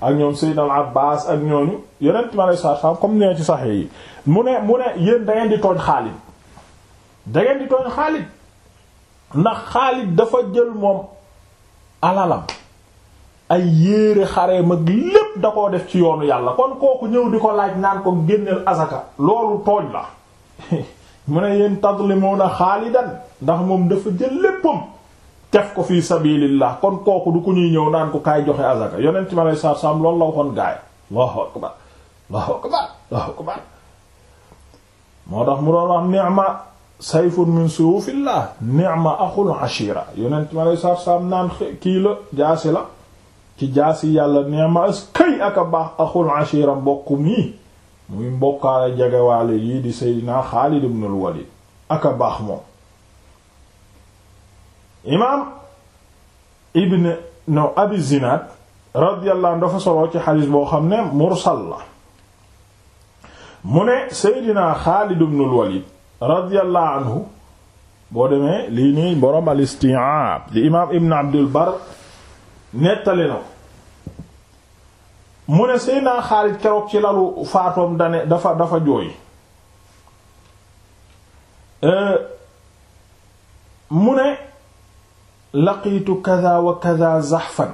S1: ak ñoom Seydina al Abbas ak ñooñu yeneen ma lay sarsam comme nee ci saxee yi mu ne mu ne yéen dangeen di tooñ Xaalid dangeen di tooñ Xaalid ndax xaalit dafa jël moom alalam ay yéere xaree mag lépp da koo def ci yoonu yàlla kon kooku ñëw di ko laaj naan ko génneel asaka loolu tooñ la mu ne yéen tadlimuna Xaalidan ndax moom dafa jël léppam def ko fii sabilillah kon kooku du ko ñuy ñëw naan ko kaay joxe azaka yonent mi alei satu salaam la waxoon gaay allahu akbar allahu akbar allahu akbar moo tax mu doon wax ni'ma sayfun min suyufillah ni'ma axul ashira yonent mi alei satu salaam naan kii la jaasi la ci jaasi yàlla ni'ma as këy ak a baax axul ashira mbokk muy mbokkaale jegewaale yii di Seydina Xaalid ibn Walid ak baax moom imaam ibn abi zinaad radiyallahu dafa soloo ci xadiis boo xam ne mursal la mu ne seydina xaalid ibn walid radiyallahu boo demee lii nii borom al isti'ab di imaam ibn abdul bar nettali na mu ne seydina xaalid keroog ci lalu faatoom dane dafa dafa jooy euh, mu ne laqiitu kaza wa kaza zaxfan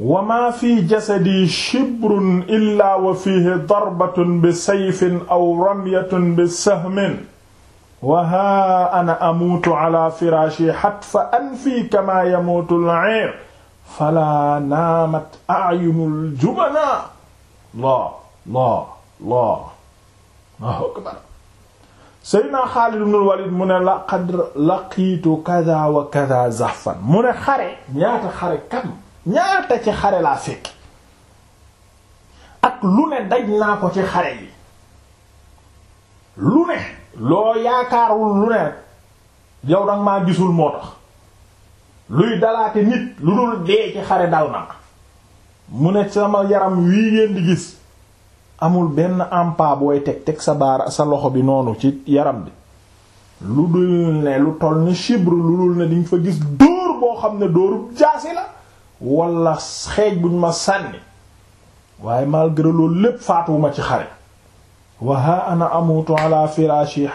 S1: wa maa fi jasadi shibrun illaa wa fiihi darbatun bi sayfin aw ramyatun bi sahmin wa haa ana amuutu ala firaashi hatfa anfi kamaa yamuutul ayr falaa naamat a'yunul jubanaa laa laa laa Allahu akbar Seydina Xaalid ibn Walid mu ne laqad laqiitu kaza wa kaza zahfan mu ne xare ñaata xare kam ñaata ci xare laa fekk ak lu ne daj naa ko ci xare yi lu ne loo yaakaarul lu ne rek yow danga maa gisul moo tax luy dalaate nit lu dul dee ci xare dal na mu ne sama yaram wii ngeen di gis amul benn empa booy teg teg sa baara sa loxo bi noonu ci yaram bi lu dul ne lu toll ni chibre lu dul ne diñ fa gis dóor boo xam ne dóorub jaasi la wala xeej buñ ma sànni waaye malgré loolu lépp faatuwuma ci xare wa ha ana amutu ala firashi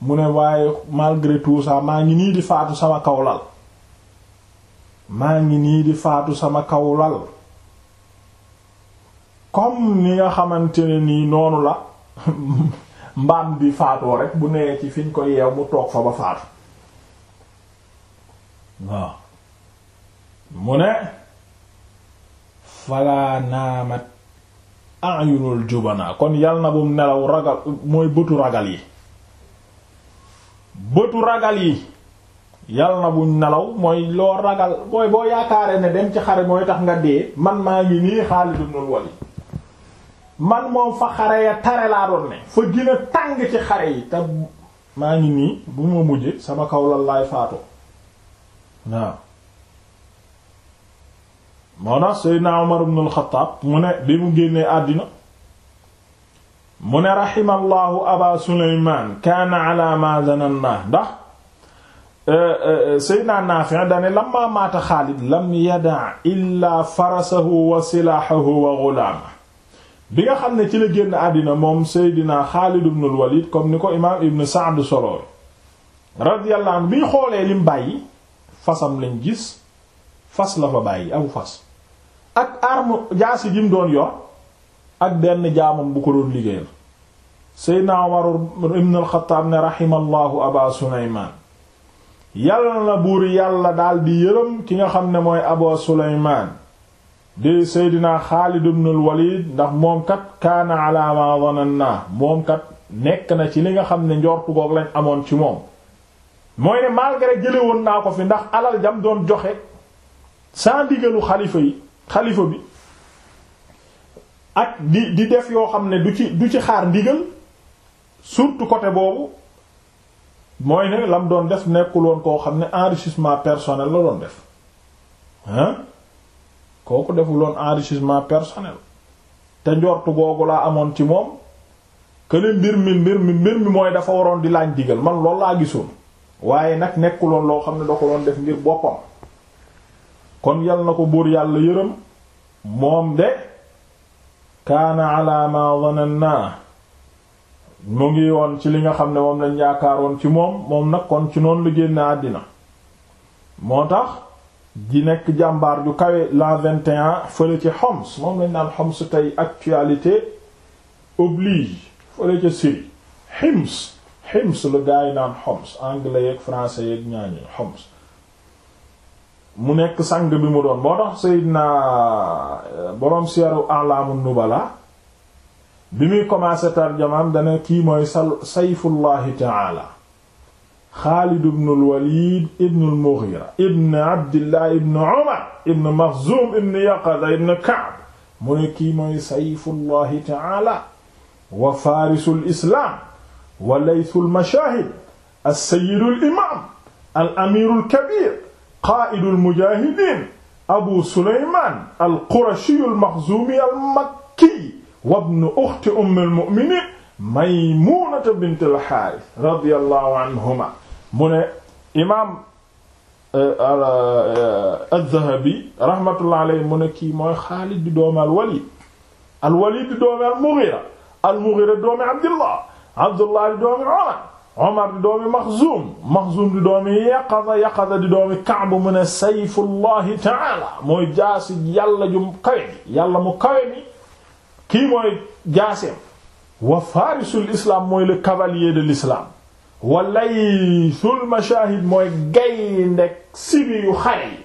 S1: waaye malgré tout ça maa ngi nii di faatu sama kaw lal maa ngi nii di faatu sama kaw lal comme ni nga xamante nii noonu la mbaam bi faatoo rek bu newee ci fiñ ko yeew mu toog fa ba faatu waaw mu ne falaa naamat a'yunul jubana kon yal na bum nelaw ragal mooy bëtu ragal yi bëtu ragal yi yal na buñ nelaw mooy loo ragal mooy boo yaakaaree ne dem ci xare mooy tax nga dee man maa ngi nii Xaalid ibn Walid man moom fa xare ya tare laa doon ne fa gën a tàng ci xare yi te maa ngi nii bu ma mujjee sama kaw lan laay faatoo waaw moo tax Seydina Umar ibn al-Khattab mu ne bi mu génnee àddina mu ne raximallahu aba Suleymaan kaana ala ma zananna ndax eh, eh, Seydina Naafi' dane lamma maata Xaalid lam yada' illa farasahu wa silaahahu wa ghulaamahu bi nga xam ne ci la génn àddina moom Seydina Xaalid ibn al-Walid comme ni ko imaam Ibn Sa'd solooy radiyallahu bi ñu xoolee lim bàyyi fasam lañ gis fas la fa bàyyi aw fas ak arme jaasi ji mu doon yor ak benn jaamam bu ko doon liggéeyal Seydina Umar ibn al ne rahimallahu Aba Sulaymaan yàlla na buur yàlla daal di yërëm ki nga xam ne mooy Aba Sulaymaan di seydina Xaalid ibn al-Walid ndax moom kat kaana ala ma dhananna moom kat nekk na ci li nga xam ne njortu goog lañ amoon ci moom mooy ne malgré jële woon naa ko fi ndax alal jam doon joxe sans ndigalu xalifa yi xalifa bi ak di di def yoo xam ne du ci du ci xaar ndigal surtout côté boobu mooy ne lam doon def nekkul woon koo xam ne enrichissement personnel la doon def hein kooku defuloon enrichissement personnel te njortu googu laa amoon ci moom këni mbir mi mbir mi mbir mi mooy dafa waroon di laaj digal man loolu laa gisoon waaye nag nekkuloon loo xam ne da ko doon def ngir boppam kon yal na ko buur yàlla yërëm moom de kaana ala ma dhananna mu ngi woon ci li nga xam ne moom lañ yaakaaroon ci moom moom nag kon ci noonu la génne àddina moo tax di nekk jàmbaar ju kawe l'an 21 fële ci Homs moom lañ naan Homs tey actualité oblige fële ca Syrie Hims Hims la gaa yi naan Homs anglais yeeg français yeeg ñaañu Homs mu nekk sang bi mu doon moo tax Seydina euh, borom seeru A'lamun Nubala bi muy commencé tarjamaam dana kii mooy Sayfullahi Ta'ala Xaalid ibnul Waliid ibnul Mughira ibn Abdillah ibn Umar ibn Maxzuum ibn Yaqaza ibn Ka'b mu ne kii mooy sayfullahi ta'aala wa faarisul islaam wa laytul mashaahid as-sayyidul imaam al-amiirul kabiir qaa'idul mujaahidiin abu Sulaymaan al-Qurashiyul Maxzuumi al-Makki wa ibnu uxti ummil mu'miniin Maymuunata bintul Haaris radiyallaahu anhumaa mu ne imaam euh, euh, az-Zahabi rahmatullah alayhi mu ne kii mooy Xaalid di doomi al-Walid al-Walid di doomi al-Mughira al-Mughira di doomi Abdullah Abdullah di doomi Omar Omar di doomi Maxzum Maxzum di doomi Yaqaza Yaqaza di doomi Ka'b mu ne sayfullahi ta'ala mooy jaasi yàlla ju kawe yàlla mu kawe mi kii mooy jaaseem wa farisul islam mooy le cavalier de l'islam walay sul mashahid mooy gayndeg sibi yu xare yi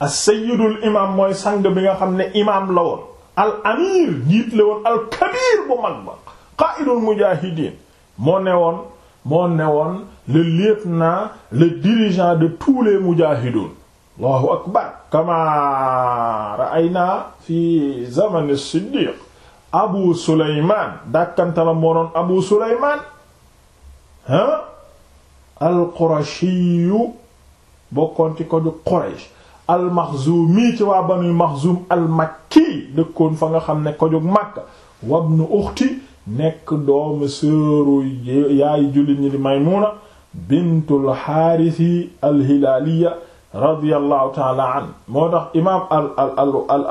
S1: as-sayyidul mooy sang bi nga xam ne imam la woon al amir jiit woon al kabir bu mag ba qa'idul moo ne woon moo ne woon le lieutenant le dirigeant de tous les mujahidun allahu akbar kama ra'ayna fi zaman as-siddiq abu suleyman dàkkantala moo doon abu suleyman alqurashiyu bokkoon ci ko ju Quraysh almaxzumi ci waa banu maxzum almakki dëkkoon fa nga xam ne ko ju Makka wabnu uxti nekk doomu sëru yaay jullit ñi di Maymuna bintul xaarisi alhilaaliya radiyallahu taala an moo tax imaam al al al al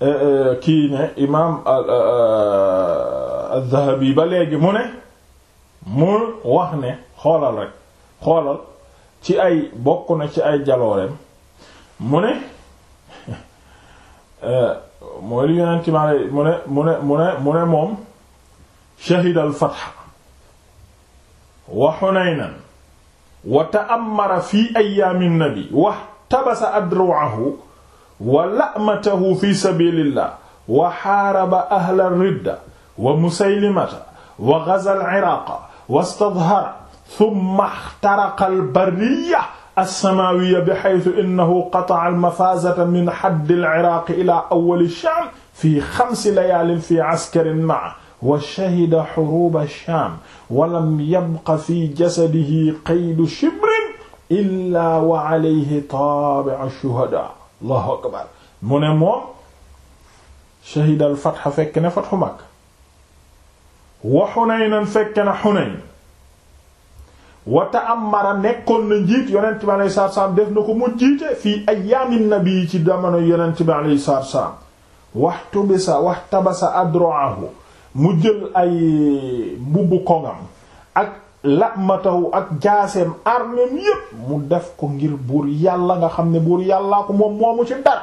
S1: uh, uh, kii ne imaam al uh, az-Zahabi ba léegi mu ne mu wax ne xoolal rek xoolal ci ay bokk na ci ay jalooreem mu ne euh, mooy li yonenti ma mu ne mu ne mu ne mu ne moom shahida al-fatha wa Hunaynan wa ta'ammara fi ayyaami nabi wa tabasa adru'ahu wa la'matahu fi sabilillah wa xaaraba ahla ridda wa musaylimata wa gaza al-iraaq wastadhara thumma ihtaraqa al-barriya as-samaawiya bihaythu innahu qata'a al-mafaazata min haddi al-iraaq ilaa awwali ash-shaam fii xamsi layaalin fii askarin ma'a wa shahida huruuba ash-shaam wa lam yabqa fii jasadihi qaydu shibrin illaa wa alayhi taabi'u ash-shuhadaa. Allahu akbar mu ne moom shahida al-fath fekk na fathu Makka wa Hunaynan fekke na Hunayn wa ta'ammara nekkoon na njiit yonent bi alayhi salaatu salaam def na ko mu jiite fii ayyaamin nabi ci jamono yonent bi alayhi salaatu salaam waxtubisa waxtabasa adroahu mu jël ay mbubb kongam ak la'matahu ak jaaseem armeem yépp mu def ko ngir buur yàlla nga xam ne buur yàllaa ko moom moomu ci dara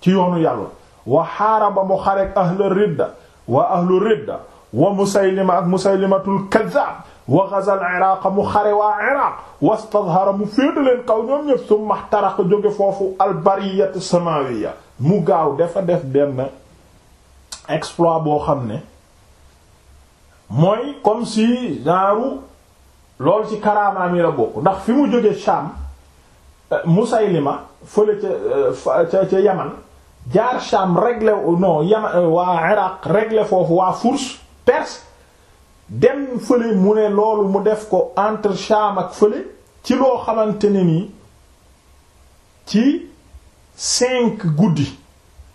S1: ci yoonu yàlla wa xaaraba mu xareek ahlu ridda wa ahlu ridda wa musaylima ak musaylimatul kaddaab wa ghazal iraq mu xare waa iraq wastadhara mu féeta kaw ñoom ñëpp su maxtaraka jóge foofu albariyat samawiya mu gaaw dafa def benn exploit boo xam ne mooy comme si genre loolu ci karaamaam yi la bokk ndax fi mu jóge Sham euh, Musaylima fële euh, ca ca Yaman jaar Sham régler non Yaman euh, waa Iraq régler foofu waa Furs dem fële mu ne loolu mu def ko entre Sham ak fële ci loo xamante ne nii ci cinq guddi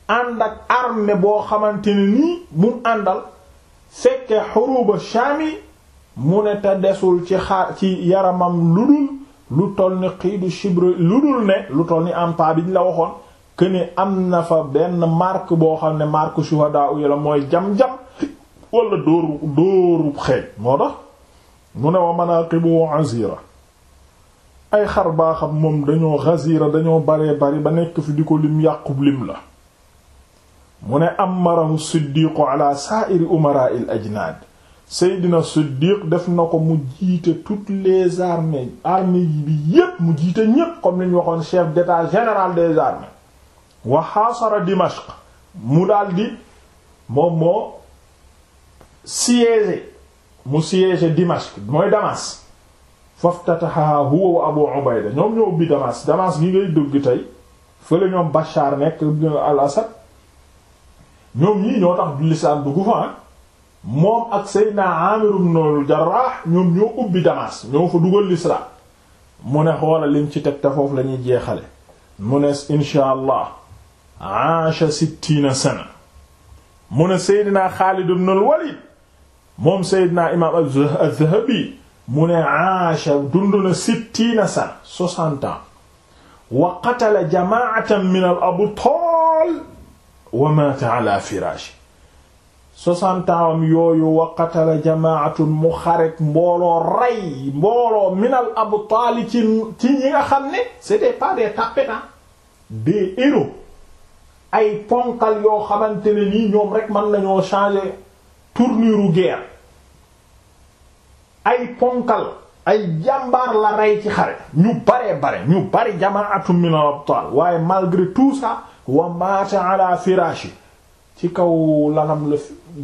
S1: ànd ak armée boo xamante ni nii àndal fekke xuruba Shami mu ne te desul ci xar ci yaramam lu dul lu toll ni xiidu chibre lu dul ne lu toll ni ampa bi ñu la waxoon que ne am na fa benn mark boo xam ne marque shuhada u mooy jam-jam wala dóor dóoru xeej moo tax mu ne wa manaqibu azira ay xar baaxam moom dañoo xazira dañoo baree bari ba nekk fi di ko lim yàqub lim la mu ne amarahu siddiqu ala sa'iri umara'il ajnaad seydina siddiq def na ko mu jiite tout les armées armées yi bi yépp mu jiite ñépp comme liñ waxoon chef d'état général des armées wa xaasara dimashq mu daldi moom moo siège mu siège Dimashq mooy Damas faftataha huwa wa Abu Ubayda ñoom ñoo ubbi Damas Damas gi ngay dugg tey fële ñoom Bachar nekk al-Asad ñoom ñii ñoo tax du lislaam fa ah. moom ak Seydina Amir ibn al-Jarrah ñoom ñoo ubbi Damas ñoo fa dugal lislaam mu ne xoolal ci teg te foofu lañuy ñuy jeexale mu ne insha allah aasha sittina sana mu ne Seydina Xaalid ibn al-Walid moom Seydina imaam az-Zahabi mu ne aasha dund na sittiina sana soixante ans wa qatala jamaatan min al-abtaal wa maata ala firaashi soixante am yooyu wa qatala jamaatun mu xarek mbooloo rey min al-abtaal ci ci ñi nga ne c'était pas des tapetans des héros ay ponkal yoo xamante ne nii ñoom rek mën nañoo changer tournure guerre ay ponkal ay jàmbaar la rey ci xare ñu baree bare ñu bari jamaatu min abtaal waaye malgré tout ça wa maata ala yi ci kaw lalam la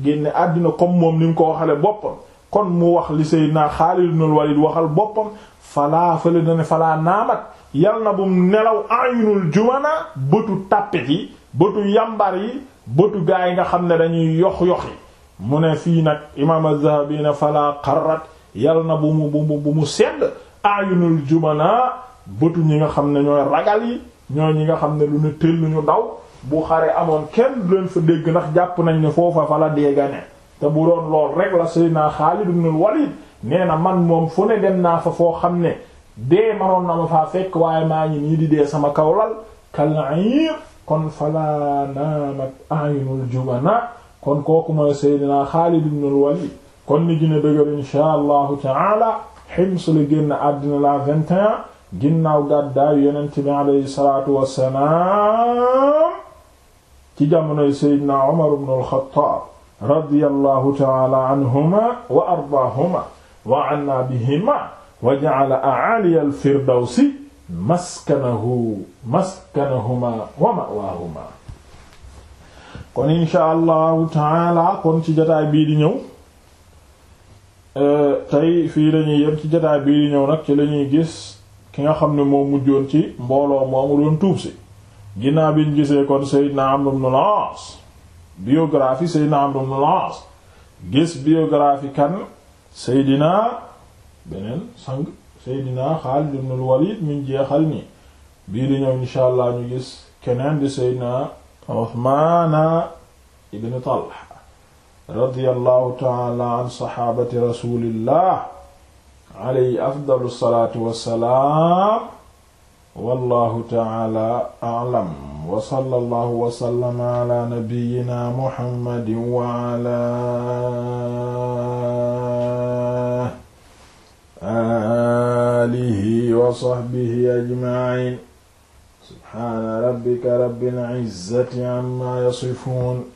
S1: génne àddina comme moom ni mu ko waxale boppam kon mu wax li Seydina Xaalid ibn Walid waxal boppam falaa fële na ne falaa naamat yal na bum nelaw ayunul jumana bëtu tàppet yi bëtu yambar yi bëtu gaa nga xam ne dañuy yox yoxi mu ne fii nag imaam az-Zahabi ne falaa qarrat yal na bu mu bu mu bu mu sedd ayunul bëtu ñi nga xam ne ñooy ragal yi ñooy ñi nga xam ne lu ne tëll ñu daw bu xare amoon kenn du leen fa dégg ndax jàpp nañ ne foofa fa la deega ne te bu doon lool rek la Seydina Xaalid ibn Walid nee na man moom fu ne dem naa fa foo xam ne dee manoon na ma faa fekk waaye maa ngi nii di dee sama kawlal kal'ir kon fala naamat ayunul jubana kon kooku mooy Seydina Xaalid ibn Walid kon ni gën a dëgër insha allahu taala Hims la génn àddina la 21 ginnaaw gàddaayu yonent bi alayhi salaatu wassalaam ci jamonoy Seydina Umar ibn al-Khattab radiyallahu taala anhuma wa ardaahuma wa anna bihima wa ja'ala a'ali al-firdawsi maskanahu maskanahuma wa ma'waahuma kon insha allahu taala kon ci jotaay bii di ñëw Euh, tey fii lañuy yem ci jotaay bii ñëw nag ci lañuy gis ki nga xam ne moo mujjoon ci mbooloo moomu doon tuub si ginnaaw bi ñu gisee kon Seydina Amr ibn al biographie Seydina Amr ibn al gis biographie kan Seydina beneen sang Seydina Xaalid ibn al-Walid min jeexal ni bii ñëw insha ñu gis keneen di Seydina Uthmaana ibn Talha radiyallahu taala an saxaabati rasulillah alayhi afdalu salaatu wassalaam wallahu taala alam wa sallallahu wa sallama ala nabiyyina muhammadin wa ala alihi wa sahbihi ajma'in subhaana rabbika rabbil izzati amma yasifun